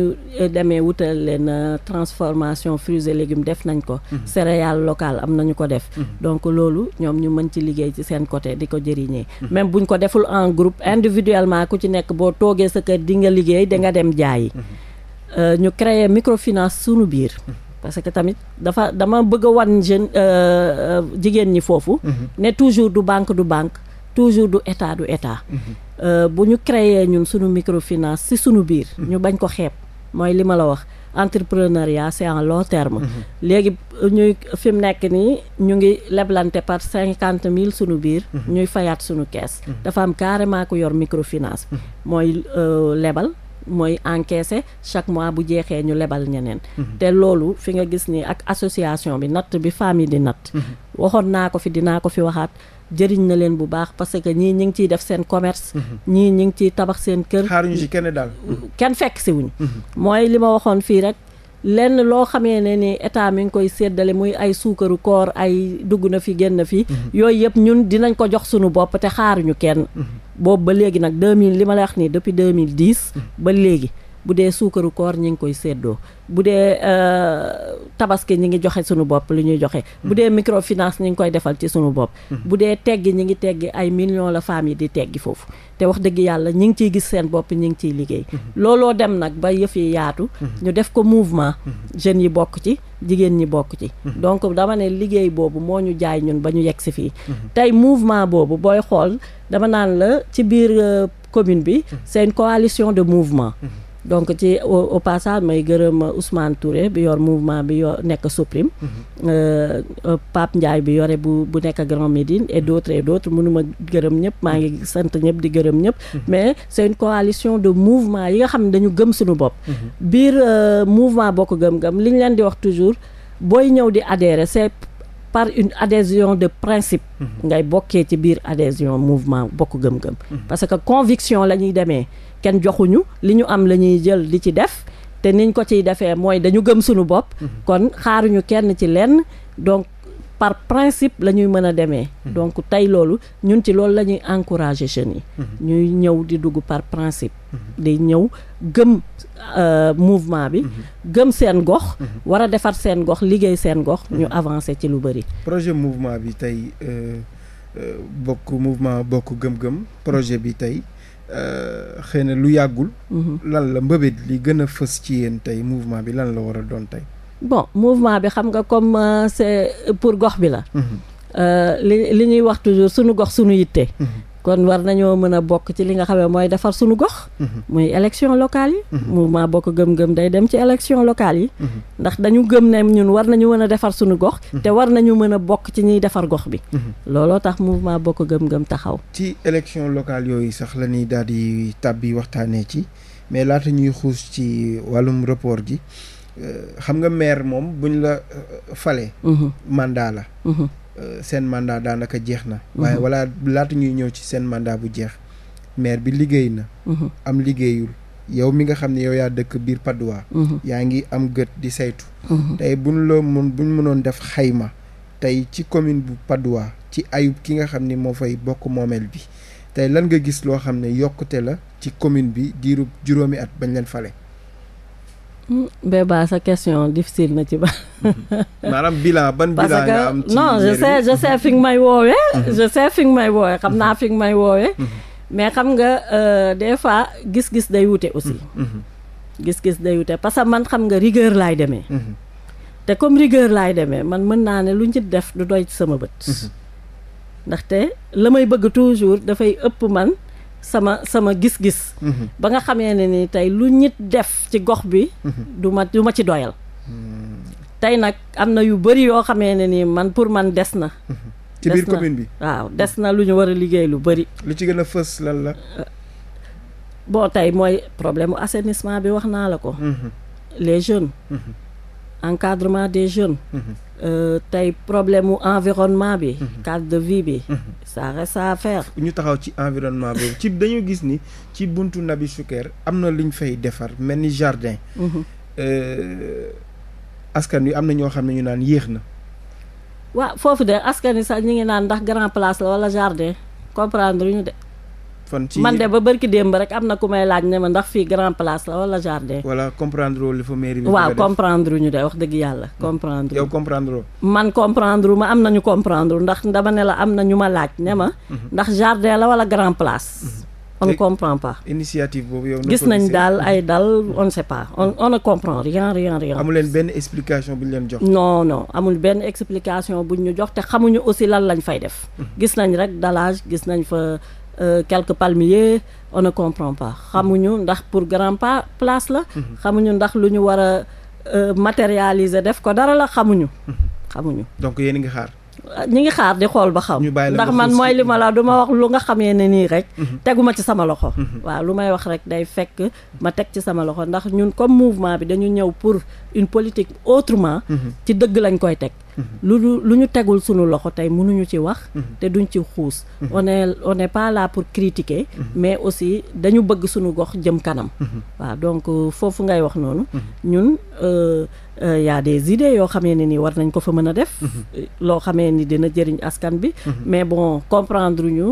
euh, demee wutal leen transformation fruits et légumes def nañ ko céréales local am nañu ko def donc loolu ñoom ñu mën ci liggéey ci seen côté di ko jëriñee même buñ ko deful en groupe individuellement ku ci nekk boo toogee sa kër di nga liggéey da nga dem jaayi ñu créer microfinance sunu biir parce que tamit dafa dama bëgg a wan jeune euh, euh, jigéen ñi foofu. Mhm. ne toujours du banque du banque toujours du état du état. Mhm. Euh, bu ñu créer ñun sunu microfinance ci suñu biir. Mhm. ñu bañ ko xeep mooy li ma la wax. entrepreneuriat c'est en long terme. léegi ñuy fi mu nekk nii ñu ngi leblante par cinquante mille sunu biir. ñuy fayaat sunu kees. dafa am carrément ku yor microfinance. mooy lebal mooy encaissé chaque mois bu jeexee ñu lebal ñeneen. Mhm. te loolu fi nga gis ni ak association bi natt bi famille di natt. Mhm. waxoon naa ko fi dinaa ko fi waxaat. jëriñ na leen bu baax parce que ñii ñi ngi ciy def seen commerce. Mhm. ñii ñi ngi ciy tabax seen kër. xaaruñu ci kenn kenn fekk si wuñu. mooy li ma waxoon fii rek lenn loo xamee ne ni état mi ngi koy séddale muy ay suukaru koor ay dugg na fi génn fi. Mhm. yooyu yëpp ñun dinañ ko jox suñu bopp te xaaruñu kenn. Mhm. boobu ba léegi nag 2000 li ma la wax nii depuis 2010. Mhm. ba léegi. bu dee suukaru koor ñi ngi koy séddoo bu dee euh, tabaski ñi ngi joxe suñu bopp lu ñuy joxe bu dee microfinance ñi ngi koy defal ci suñu bopp mm-hmm. bu dee teggi ñi ngi teggi ay millions la femmes yi di teggi foofu te wax dëgg yàlla ñi ngi ciy gis seen bopp ñi ngi ciy liggéey mm-hmm. looloo dem nag ba yëf yi yaatu mm-hmm. ñu def ko mouvement jeunes yi bokk ci jigéen ñi bokk ci donc dama ne liggéey boobu moo ñu jaay ñun ba ñu yegg si fii tey mouvement boobu booy xool dama naan la ci biir euh, commune bi c'est une de mouvement donc ci au, passage may gërëm euh, Ousmane Touré bi yor mouvement bi yor nekk Suprime mm -hmm. Euh, euh, Pape Ndiaye bi yore bu bu nekk Grand Médine et d' autres et d' mënuma gërëm ñëpp maa ngi sant ñëpp di gërëm ñëpp mhm. mais c' coalition de mouvement yi nga xam ne dañu gëm suñu bopp mhm. biir euh, mouvement bokk gëm-gëm li ñu leen di wax toujours booy ñëw di adhérer c' par une adhésion de principe mhm. ngay bokkee ci biir adhésion mouvement bokk gëm-gëm mhm. parce que conviction la ñuy demee kenn joxuñu li ñu am la ñuy jël di ci def te niñ ko ciy defee mooy dañu gëm suñu bopp mhm. kon xaaruñu kenn ci lenn donc par principe la ñuy mën a demee. Hmm. donc tey loolu ñun ci loolu la ñuy encourager jeunes yi. Hmm. ñuy ñëw di dugg par principe. Hmm. di ñëw gëm euh, mouvement bi. gëm seen gox. war a defar seen gox liggéey seen gox. ñu avancer ci lu bëri. projet mouvement bi tey euh, euh, bokk mouvement bokk gëm-gëm projet bi tey. xëy na lu yàggul. lan la mbëbët li gën a fës ci yéen tey mouvement bi lan la war a doon tey. bon mouvement bi xam nga comme euh, c'est pour gox bi la. Mhm. Euh, li li ñuy wax toujours sunu gox sunu yitte. Mhm. kon war nañoo mën a bokk ci li nga xam ne mooy defar sunu gox. Mhm. muy élection locale yi. mouvement bokk gëm-gëm day dem ci élection locale yi. ndax dañu gëm ne ñun war nañu mën a defar sunu gox. te war nañu mën a bokk ci ñuy defar gox bi. looloo tax mouvement bokk gëm-gëm taxaw. ci élection locale yooyu sax la ñuy daal di tàbbi waxtaanee ci mais laata ñuy xuus ci wàllum rapport ji. Euh, xam nga maire moom buñ la euh, fale mhm. mandat la mhm. euh, seen mandat daanaka jeex na mhm. waaye wala laata ñuy ñëw ci seen mandat bu jeex maire bi liggéey na am liggéeyul yow mi nga xam ne yow yaa dëkk biir Padoa yaa ngi am gët di saytu tey buñ la mun buñ mënoon def xayma tey ci commune bu Padoa ci ayub ki nga xam ni moo fay bokk moomeel bi tey lan nga gis loo xam ne yokkute la ci commune bi diirub juróomi at bañ leen fale Hmm, Beba sa question difficile na ci ba. maanaam non je sais may woowee. Mhm. je sais may woowee xam naa fi nga may woowe mhm. mais xam nga euh, des fois gis-gis day wute aussi. Mhm. gis-gis day wute parce que man xam nga rigueur laay demee. te comme rigueur laay demee man mën naa ne lu ñu ci def du doy ci sama bët. ndaxte la may bëgg toujours dafay ëpp man. sama sama gis-gis. Mhm. ba nga xamee ne ni tey lu nit def ci gox bi. Mhm. du ma ma ci doyal. Hmm. tey nag am na yu bëri yoo xamee ne ni man pour man des na. Mhm. ci biir commune bi waaw des na lu ñu war a liggéey lu bëri. lu ci gën a fës lan la. Euh, bon tey mooy problème mu assainissement bi wax naa la ko. les jeunes. encadrement des jeunes. Euh, tey problème mu environnement bi. Mhm. cadre de vie bi. Mhm. ça reste à faire. ñu taxaw ci environnement boobu ci dañu gis ni ci buntu Nabi Choucair am na luñ ñu fay defar mel ni jardin. Mhm. Euh, askan wi am na ñoo xam ne ñu naan yéex na. waaw foofu de askan sax ñu ngi naan ndax grand place la walla jardin comprendre ñu de. fan ci man de ba barki démb rek am na ku may laaj ne ma ndax fii grand place la wala jardin. voilà comprendre waaw comprendre ñu de wax dëgg yàlla hmm. comprendre. yow comprendre man ma am na ñu comprendre ndax dama ne la am na ñu ma laaj ne ma. Hmm. ndax jardin la wala grand place. Hmm. on ne comprend initiative boobu yow. gis nañ daal ay dal on ne sait pas on on ne comprend rien rien rien. amu leen benn explication bu ñu leen jox. non non amul benn explication bu ñu jox te xamuñu aussi lan lañ fay def. gis nañ rek dallage gis nañ fa. Euh, quelques palmiers on ne comprend pas xamuñu ndax pour grand pas place la xamuñu ndax lu ñu war a euh, matérialiser def ko dara la xamuñu xamuñu donc yéen ngi xaar ñi ngi xaar di xool ba xam ndax man mooy li ma la du ma wax lu nga xamee ne nii rek mhm. teguma ci sama loxo mhm. waaw lu may wax rek day fekk ma teg ci sama loxo ndax ñun comme mouvement bi dañu ñëw pour une politique autrement mhm. ci dëgg lañ koy teg lu lu ñu tegul sunu loxo tey mënuñu ci wax mhm. te duñ ci xuus mhm. on est on n'est pour critiquer mhm. mais aussi dañu bëgg sunu gox jëm kanam waa donc euh, foofu ngay wax noonu ñun euh, euh, yaa a des idées yoo xamee ne nii war nañ ko fa mën a def loo xamee ni dina jëriñ askan bi mais bon comprendre ñu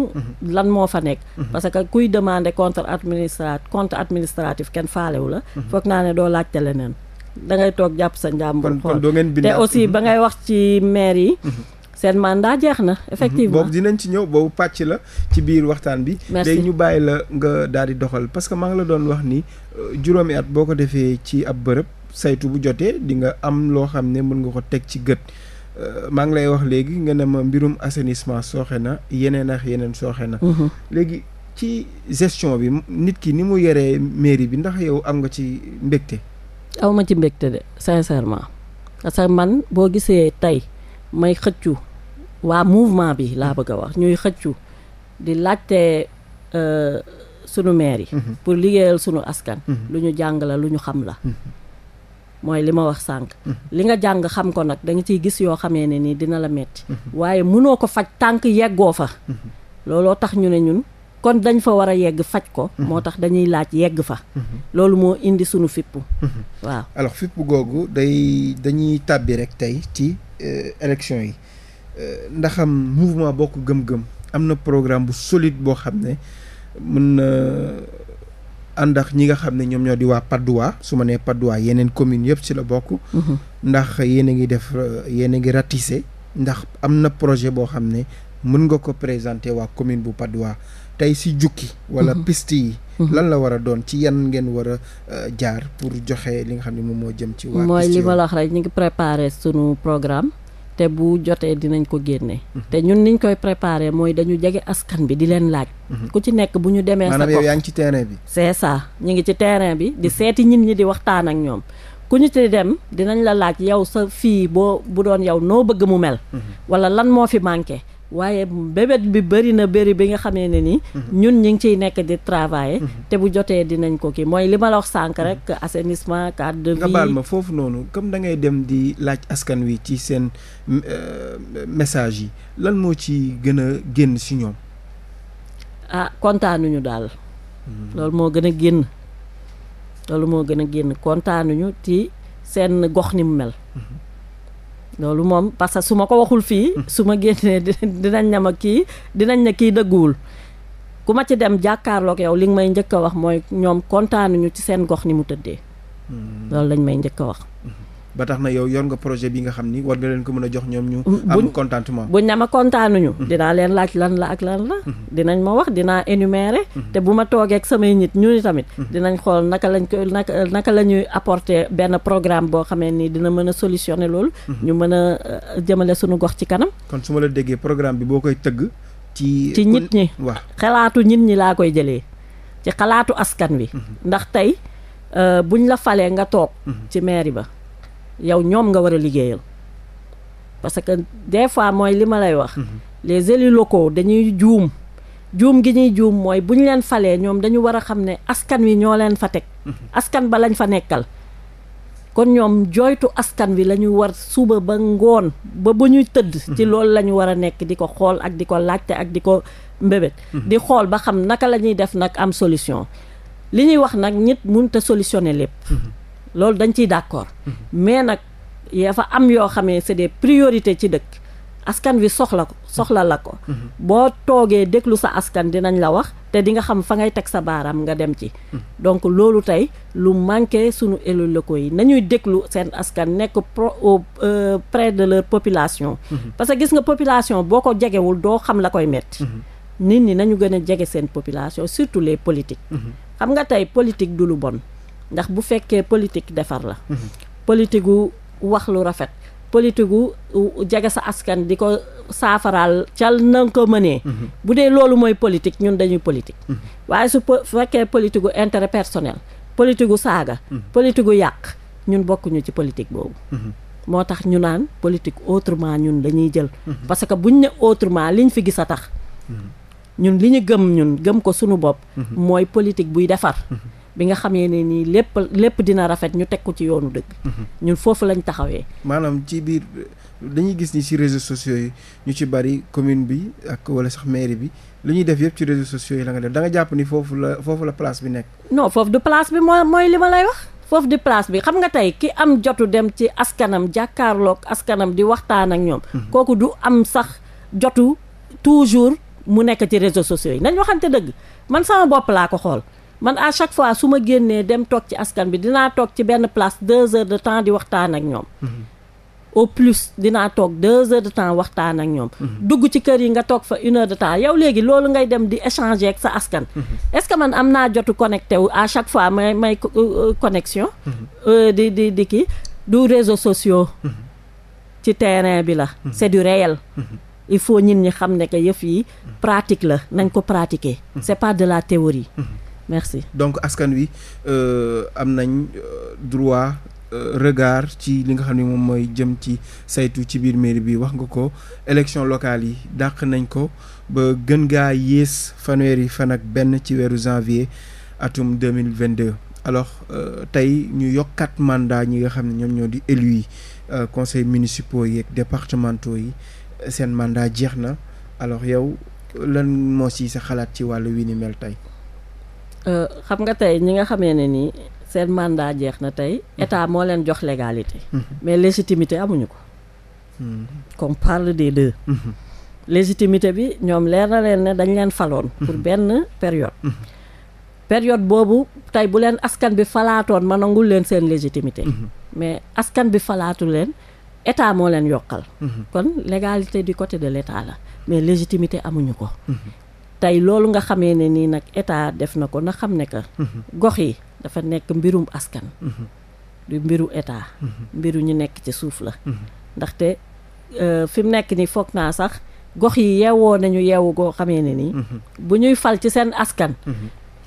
lan moo fa nekk parce que kuy demander contre administrat contre administratif kenn faalewu la foog naa ne doo laajte leneen dangay toog jàpp sa njàmbur xool te aussi ba ngay wax ci maire yi mhm. seen mandat jeex na mhm. effectivement boobu dinañ ci ñëw boobu pàcc la ci biir waxtaan bi léegi ñu bàyyi la nga daal di doxal parce que maa la doon wax ni euh, juróomi at boo ko defee ci ab bërëb saytu bu jotee di nga am loo xam ne mën nga ko teg ci gët euh, maa ngi lay wax léegi nga ne ma mbirum assainissement sooxe na yeneen ak yeneen sooxe na mhm. léegi ci gestion bi nit ki ni mu yoree mairie bi ndax yow am nga ci mbégte aw ma ci mbégte de sincèrement parce que man boo gisee tey may xëccu waa mouvement bi laa bëgg a wax ñuy xëccu di laajte euh, sunu maire yi. Mhm. pour liggéeyal sunu askan. Mhm. lu ñu jàng la lu ñu xam la. Mhm. mooy li ma wax sànq. li nga jàng xam ko nag danga ciy gis yoo xamee ne nii dina la metti waaye mënoo ko faj tànk yeggoo fa. looloo tax ñu ne ñun. kon dañ fa war a yegg faj ko. Mhm. moo tax dañuy laaj yegg fa. Mhm. loolu moo indi sunu fippu. Mhm. waaw alors fippu googu day dañuy tàbbi rek tey ci euh, élection yi euh, ndaxam mouvement bokk gëm-gëm am na programme bu solide boo xam ne mën na ànd ak ñi nga xam ne ñoom ñoo di waa Padois su ma nee Padois yeneen commune yëpp ci la bokk. ndax yéen a ngi def euh, yéen a ngi ratissé ndax am na projet boo xam ne mën nga ko présenter waa commune bu Padois. tey si jukki wala mhm. piste yi mhm. lan la war a doon ci yan ngeen war a euh, jaar pour joxe li nga xam ne moom moo jëm ci waa mooy li ma la wax rek ñu ngi préparé sunu programme te bu jotee dinañ ko génne mhm. te ñun niñ koy préparé mooy dañu jege askan bi di leen laaj ku ci nekk bu ñu demee sa yow yaa ngi ci terrain bi c'est ça ñu ngi ci terrain bi di seeti nit ñi di waxtaan ak ñoom ku ñu ci dem dinañ la laaj yow sa fii boo bu doon yow noo bëgg mu mel wala lan moo fi waaye bébét bi bari na bëri bi nga xamee ne ni. Mhm. ñun ñu ngi ciy nekk di travailler. Mhm. te bu jotee dinañ ko kii mooy li ma la wax sànq mhm. rek assainissement cadre de nga baal ma foofu noonu comme da ngay dem di laaj askan wi ci seen euh, message yi lan moo ci gën a génn si ñoom. ah kontaanuñu daal. Hmm. loolu moo gën a génn. loolu moo gën a génn kontaanuñu ci seen gox ni mu mel. Hmm. loolu moom parce que su ma ko waxul fii. Hmm. su ma génnee dinañ ne ma kii dinañ ne kii dëgguwul. ku ma ci dem jàkkaarloog yow li nga may njëkk a wax mooy ñoom kontaanuñu ci seen gox ni mu tëddee. Hmm. loolu lañ may njëkk a wax. Hmm. ba tax na yow yor nga projet bi nga xam ni war nga leen ko mën a jox ñoom ñu mm, am contentement buñ ne ma kontaanuñu mm-hmm. dinaa leen laaj lan la ak lan la mm-hmm. dinañ ma wax dinaa énumérer mm-hmm. te bu ma toogeek samay nit ñu tamit dinañ xool naka lañ ko naka naka la ñuy apporter benn programme boo xamee nii dina mën a solutionner loolu ñu mën a euh, jëmale suñu gox ci kanam kon su ma la déggee programme bi boo koy tëgg ci ci nit ñi waaw xalaatu nit ñi laa koy jëlee ci xalaatu askan wi ndax tey euh, buñ la falee nga toog ci mairie ba yow ñoom nga war a liggéeyal parce que des fois mooy li ma lay wax. Mhm. les élus dañuy juum. juum gi ñuy juum mooy bu ñu leen falee ñoom dañu war a xam ne askan wi ñoo leen fa teg. Mhm. askan ba lañ fa nekkal. kon ñoom jooytu askan wi la ñu war suba ba ngoon ba bu ñuy tëdd. Mhm. ci loolu la ñu war a nekk di ko xool ak di ko laajte ak di ko mbébét. di xool ba xam naka la ñuy def nag am solution. li ñuy wax nag nit mënut a solutionner lépp. loolu dañ ciy d'accord mais nag dafa am yoo xamee c'est des priorités ci dëkk askan wi soxla ko soxla la ko boo toogee déglu sa askan dinañ la wax te di nga xam fa ngay teg sa baaraam nga dem ci donc loolu tey lu manqué sunu élus locaux yi nañuy déglu seen askan nekk pro au euh, près de leur population parce que gis nga population boo ko jegewul doo xam la koy metti nit ñi nañu gën a jege seen population surtout les politiques xam nga tey politique du lu bon ndax bu fekkee politique defar la politique gu wax lu rafet politique gu jege sa askan di ko saafaraal cal nanga ko mënee bu dee loolu mooy politique ñun dañuy politique waaye su fekkee politique gu intérêt personnel politique gu saaga politique gu yàq ñun bokkuñu ci politique boobu moo tax ñu naan politique autrement ñun dañuy jël parce que buñ ne autrement liñ fi gis a tax ñun li ñu gëm ñun gëm ko sunu bopp mooy politique buy defar bi nga xamee ne nii lépp lépp dina rafet ñu teg ko ci yoonu dëgg. Mhm. ñun foofu lañ taxawee. maanaam ci biir dañuy gis ni ci réseaux sociaux yi ñu ci bari commune bi ak walla sax mairie bi li ñuy def yëpp ci réseaux sociaux yi la nga def da nga jàpp ni foofu la foofu la place bi nekk. non foofu du place bi mooy mooy li ma lay wax. foofu di place bi xam nga tey ki am jotu dem ci askanam jàkkaarlook askanam di waxtaan ak ñoom. Mhm. kooku du am sax jotu toujours mu nekk ci réseaux sociaux yi nañ waxante dëgg man sama bopp laa ko xool. man à chaque fois su ma génnee dem toog ci askan bi dinaa toog ci benn place deux heures de temps di waxtaan ak ñoom. Mm-hmm. au plus dinaa toog deux heures de temps waxtaan ak ñoom. Mm-hmm. dugg ci kër yi nga toog fa une heure de temps yow léegi loolu ngay dem di échangé ak sa askan. Mm-hmm. est-ce que man am naa jotu connecté wu à chaque fois may may euh, connexion. Euh, di di di kii du réseau sociaux. ci terrain bi la. c'est du réel. il faut ñin ñi xam ne que yëf yi pratique la nañ ko pratiquer. c'est pas de la théorie. merci donc askan wi euh, am nañ euh, droit euh, regard ci li nga xam ne moom mooy jëm ci saytu ci biir mairie bi wax nga ko élection locale yi dàq nañ ko ba gën gaa yées fanweeri fan ak benn ci weeru janvier atum deux mille vingt deux alors tey ñu yokkat mandat ñi nga xam ne ñoom ñoo di élus yi conseils municipaux yi ak yi seen mandat jeex na alors yow lan moo si sa xalaat ci wàll wi ni mel tey. Euh, xam nga tey ñi nga xamee ne nii seen mandat jeex na tey état moo leen jox légalité. Mhm. mais légitimité amuñu ko. Mhm. qu'on parle des deux. Mhm. légitimité bi ñoom leer na leen ne dañ leen faloon. pour benn période. période boobu tey bu leen askan bi falaatoon ma nangul leen seen légitimité. mais askan bi falaatu leen état moo leen yokkal. kon légalité du côté de l'état la mais légitimité amuñu ko. tey loolu nga xamee ne nii nag état def na ko na xam ne que. Mhm. gox yi dafa nekk mbirum askan. Mhm. du mbiru état. Mhm. mbiru ñu nekk ci suuf la. ndaxte euh, fi mu nekk nii foog naa sax gox yi yeewoo nañu yeewu goo xamee ne nii. bu ñuy fal ci seen askan.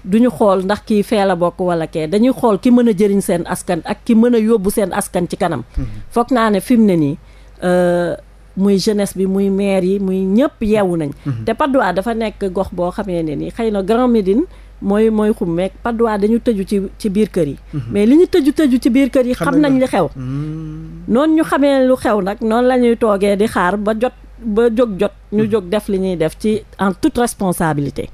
duñu xool ndax kii fee la bokk wala kee dañuy xool ki mën a jëriñ seen askan ak ki mën a yóbbu seen askan ci kanam. foog naa ne fi ne nii. Euh, muy jeunesse bi muy maire yi muy ñëpp yeewu nañ mm-hmm. te Patte dafa nekk gox boo xamee ne nii xëy na Grand Médine mooy mooy xummeeg Patte d'Oie dañu tëju ci ci biir kër yi mm-hmm. mais li ñu tëju tëju ci biir kër yi xam nañ li xew mm-hmm. noonu ñu xamee lu xew nag noonu lañuy toogee di xaar ba jot ba jóg jot ñu jóg def li ñuy def ci en toute responsabilité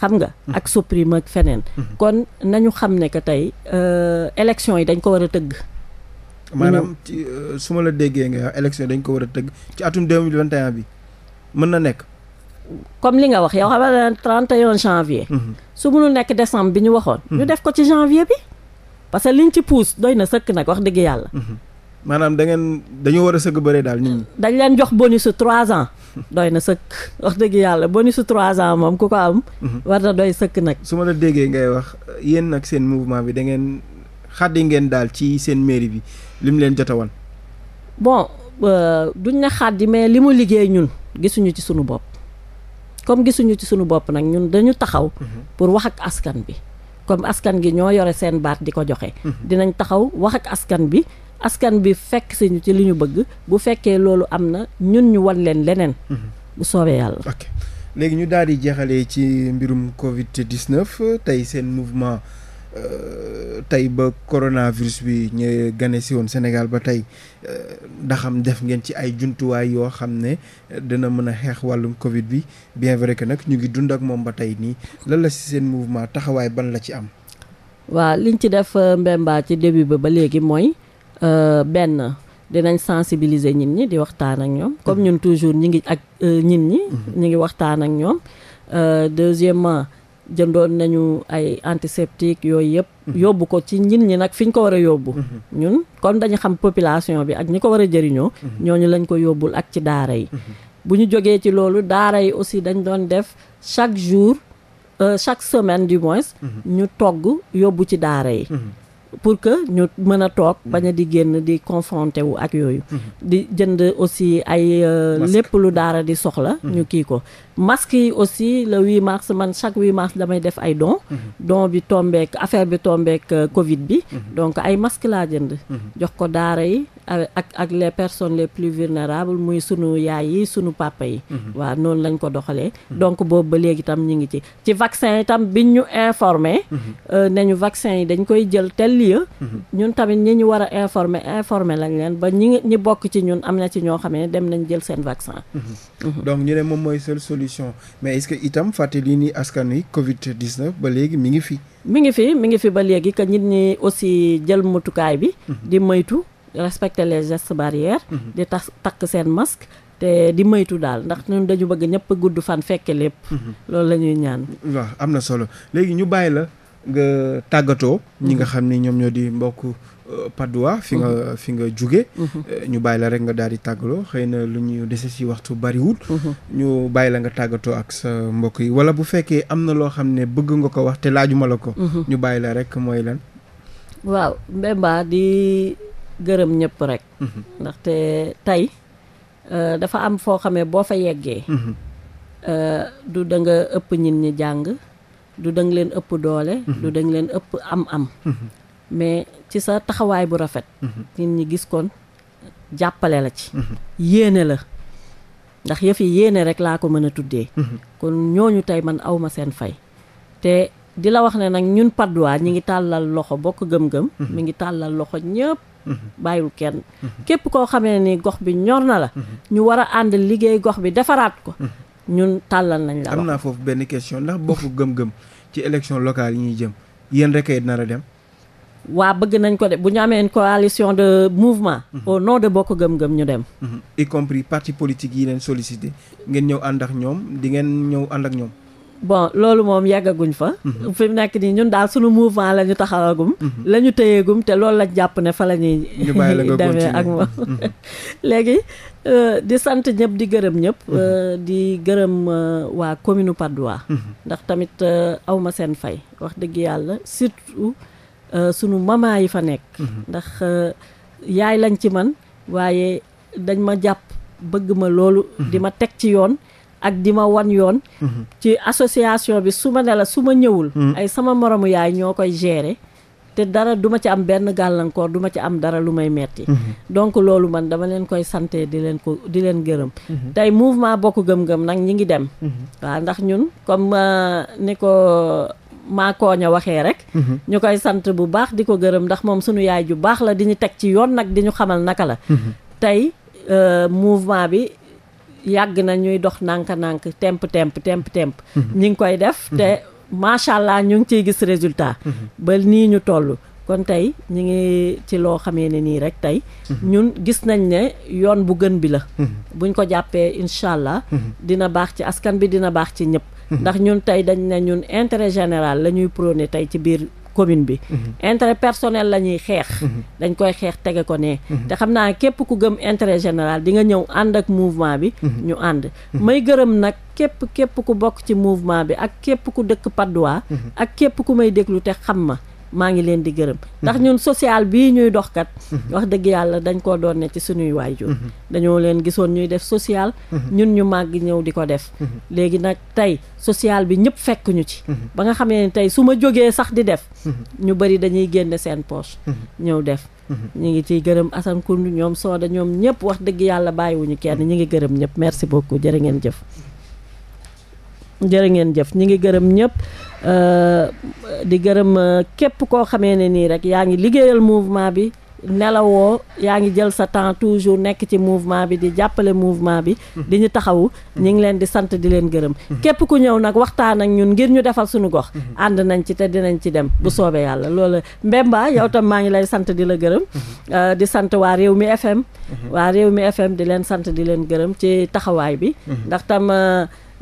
xam nga ak supprime ak feneen kon nañu xam ne que tey euh, élection yi dañ ko war a tëgg maanaam ci euh, su la déggee nga élection dañ ko war a tëgg ci atum deux mille vingt bi mën na nekk. comme li nga wax yow xam nga 31 janvier. Mhm. su mënul nekk décembre bi ñu waxoon. ñu mhm. def ko ci janvier bi. parce que liñ ci pousse doy na sëkk nag wax dëgg yàlla. Mhm. maanaam da ngeen dañoo war a sëgg bëree daal nit ñi. dañ leen jox bonus 3 ans. doy na sëkk wax dëgg yàlla bonus 3 ans moom ku ko am. war na doy sëkk nag. su ma la déggee ngay wax yéen nag seen mouvement bi da ngeen xaddi ngeen daal ci seen mairie bi li mu leen jotawan bon euh, duñ ne xaddi mais li mu liggéey ñun gisuñu ci sunu bopp comme gisuñu ci sunu bopp nag ñun dañu taxaw mhm. pour wax ak askan bi comme askan gi ñoo yore seen baat di ko joxe mhm. dinañ taxaw wax ak askan bi askan bi fekk si ñu ci li ñu bëgg bu fekkee loolu am na ñun ñu wan leen leneen mhm. bu soobee yàlla léegi ñu daal di jeexalee ci mbirum covid 19 tey seen mouvement tey ba coronavirus bi ñu gane si woon Sénégal ba tey ndaxam def ngeen ci ay jumtuwaay yoo xam ne dina mën a xeex wàllum Covid bi bien vrai que nag ñu ngi dund ak moom ba tey nii lan la si seen mouvement taxawaay ban la ci am. waa liñ ci def euh, Mbemba ci début ba ba léegi mooy euh, benn. dinañ sensibiliser ñit ñi di waxtaan ak ñoom comme mhm. ñun toujours ñi ngi ak euh, nit ñi mhm. ñi ngi waxtaan ak ñoom deuxièmement jëndoon nañu ay antiseptique yooyu yëpp. Mhm. yóbbu ko ci ñin ñi nag fi ñu ko war a yóbbu. Mhm. ñun kon dañu xam population bi ak ñi ko war a jëriñoo. Mhm. ñooñu lañ ko yóbbul ak ci daara yi. bu ñu jógee ci loolu daara yi aussi dañ doon def chaque jour euh, chaque semaine du moins. ñu togg yóbbu ci daara yi. pour que ñu mën a toog bañ a di génn di confronté wu ak yooyu mhm. di jënd aussi ay euh, lépp lu daara di soxla mhm. ñu kii ko masque yi aussi le 8 mars man chaque 8 mars damay def ay don mhm. don bi tombeek affaire bi tombeek euh, covid bi donc ay masque laa jënd jox ko daara yi ak ak les personnes les plus vulnérables muy sunu yaay yi sunu papa yi. Mhm. waaw noonu lañ ko doxalee. donc boobu ba léegi tam ñu ngi ci. ci vaccin itam biñ ñu informé. Mhm. Euh, nañu vaccin yi dañ koy jël tel lieu. Mhm. ñun tamit ñi ñu war a informé informé lañ leen ba ñi ñi bokk ci ñun am na ci ñoo xam ne dem nañ jël seen vaccin. donc ñu ne moom mooy seule solution mais est-ce que itam fàttali ni askan wi Covid 19 ba léegi mi ngi fi. mi ngi fi mi ngi fi ba léegi que nit ñi aussi jël mutukaay bi. di moytu. respecter les gestes barrières. Mhm. di tax takk seen masque. te di moytu daal ndax ñun dañu bëgg ñëpp gudd fan fekke lépp. Mhm. loolu la ñuy ñaan. waaw am na solo léegi ñu bàyyi la nga tàggatoo. ñi nga mhm. xam ni ñoom ñoo di mbokk euh, Padois. fi fi nga jóge euh, ñu bàyyi la rek nga daal di tàggaloo xëy na lu ñu dese si waxtu bariwul. ñu bàyyi la nga tàggatoo ak sa mbokk yi wala bu fekkee am na loo xam ne bëgg nga ko wax te laajuma la ko. ñu bàyyi la rek mooy lan. waaw Mbemba di. gërëm ñëpp rek. Mhm. ndaxte tey euh, dafa am foo xamee boo fa yeggee. Mhm. Euh, du da ëpp ñin ñi jàng du da leen ëpp doole. Mhm. du da leen ëpp am-am. mais ci sa taxawaay bu rafet. nit ñi gis kon jàppale la ci. yéene la ndax yëf yéene rek laa ko mën a tuddee. kon ñooñu tey man awma seen fay te. di la wax ne nag ñun Patte ñu ngi tàllal loxo bokk gëm-gëm. mi ngi tàllal loxo ñëpp. bàyyiwul kenn képp koo xamee ni gox bi ñor na la ñu war a ànd liggéey gox bi defaraat ko ñun tàllal nañ la am naa foofu benn question ndax bokk gëm-gëm ci élection locale yi ñuy jëm yéen rek ay nar a dem waa bëgg nañ ko de bu ñu amee une coalition de mouvement o mhm. nom de bokk gëm-gëm ñu dem mhm. y compris parti politique yi leen sollicité ngeen ñëw ànd ak ñoom di ngeen ñëw ànd ak ñoom bon loolu moom yàggaguñ fa. Mhm. fi mu nekk nii ñun daal suñu mouvement la ñu taxawagum. Mhm. la ñu téyeegum te loolu lañ jàpp ne fa la ñuy. demee ak moom mhm. léegi euh, di sant ñëpp di gërëm ñëpp. Euh, di gërëm euh, waa commune Patte ndax tamit aw ma seen fay wax dëgg yàlla surtout sunu mama yi fa nekk. ndax yaay lañ ci man waaye dañ ma jàpp bëgg ma loolu. di ma teg ci yoon. ak di ma wan yoon mhm. ci association bi su ma ne su ma ñëwul mhm. ay sama moromu yaay ñoo koy gérer te dara duma ci am benn gàllankoor duma ci am dara lu may metti mhm. donc loolu man dama leen koy sante di leen ko di leen gërëm tey mouvement bokk gëm-gëm nag ñi ngi dem waa ndax ñun comme euh, ni ko maa kooña waxee rek ñu koy sant bu baax di ko gërëm ndax moom suñu yaay ju baax la di ñu teg ci yoon nag di ñu xamal naka la tey euh, mouvement bi yàgg na ñuy dox nànk-nànk temp temp temp mhm. ñu ngi koy def mhm. te macha allah ñu ngi ciy gis résultat mhm. ba nii ñu toll kon tey ñi ngi ci loo xamee ne nii rek tey ñun gis nañ ne yoon bu gën bi la buñ ko jàppee incha allah dina baax ci askan bi dina baax ci ñëpp ndax ñun tey dañ ne ñun intérêt général la ñuy prôné tey ci biir commune bi mhm. intérêt personnel la ñuy xeex mhm. dañ koy xeex tege ko ne mhm. te xam naa képp ku gëm intérêt général di nga ñëw ànd ak mouvement bi ñu ànd may gërëm nag képp képp ku bokk ci mouvement bi ak képp ku dëkk Patte ak képp ku may déglu te xam ma maa ngi leen di gërëm mhm. ndax ñun social bii ñuy dox kat mhm. wax dëgg yàlla dañ koo doon ne ci suñuy waajur mhm. dañoo leen gisoon ñuy def social ñun ñu màgg ñëw di ko def léegi nag tey social bi ñëpp fekkuñu ci ba nga xamee ne tey su ma jógee sax di def ñu bëri dañuy génne seen poche ñëw def ñu ngi ciy gërëm Assane Koundou ñoom Sooda ñoom ñëpp wax dëgg yàlla bàyyiwuñu kenn ñu ngi gërëm ñëpp merci beaucoup jërë ngeen jëf jërë ngeen jëf ñu ngi gërëm ñëpp Euh, di gërëm euh, képp koo xamee ne nii rek yaa ngi liggéeyal mouvement bi nelawoo yaa ngi jël sa temps toujours nekk ci mouvement bi di jàppale mouvement bi hmm. di ñu taxawu hmm. ñu ngi leen di sant di leen gërëm hmm. képp ku ñëw nag waxtaan ak ñun ngir ñu defal suñu gox ànd nañ ci te dinañ ci dem bu soobee yàlla loolu Mbemba yow tam maa ngi lay sant di la gërëm euh, di sant waa réew mi FM waa réew mi FM di leen sant di leen gërëm ci taxawaay bi ndax tam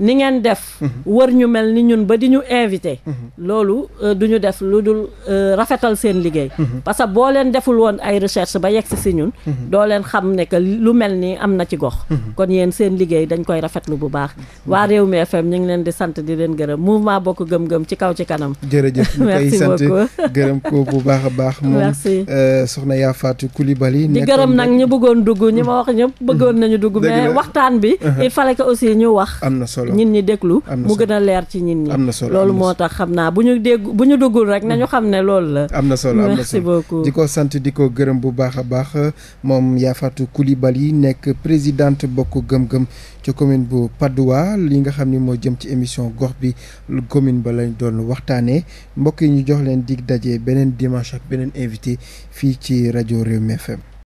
ni ngeen def mhm. wër ñu mel ni ñun ba di ñu invité mhm. loolu euh, du ñu def lu dul euh, rafetal seen liggéey mhm. parce que boo leen deful woon ay recherche ba yegg si si ñun doo leen xam ne que lu mel ni am na ci gox kon yéen seen liggéey dañ koy rafetlu bu baax waa réew mi FM ñu ngi leen di sant di leen gërëm mouvement bokk gëm-gëm ci kaw ci kanam jërëjëf ñu koy sant gërëm ko bu baax a baax moom euh, soxna yaa Fatou Coulibaly di gërëm nag ñu bëggoon dugg ñi ma wax ñëpp bëggoon nañu dugg waxtaan bi il wax am na solo nit ñi déglu mu gën a leer ci nit ñi am na solo loolu moo tax xam naa bu ñu dégg bu ñu duggul rek nañu mm. xam ne loolu la am na solo merci beaucoup di ko sant di ko gërëm bu baax a baax moom kulibal yi nekk présidente bokk gëm-gëm ci commune bu Patte d'Oie li nga xam ni moo jëm ci émission gox bi commune ba lañ doon waxtaanee mbokk yi ñu jox leen dig daje beneen dimanche ak beneen invité fii ci rajo Rewmi FM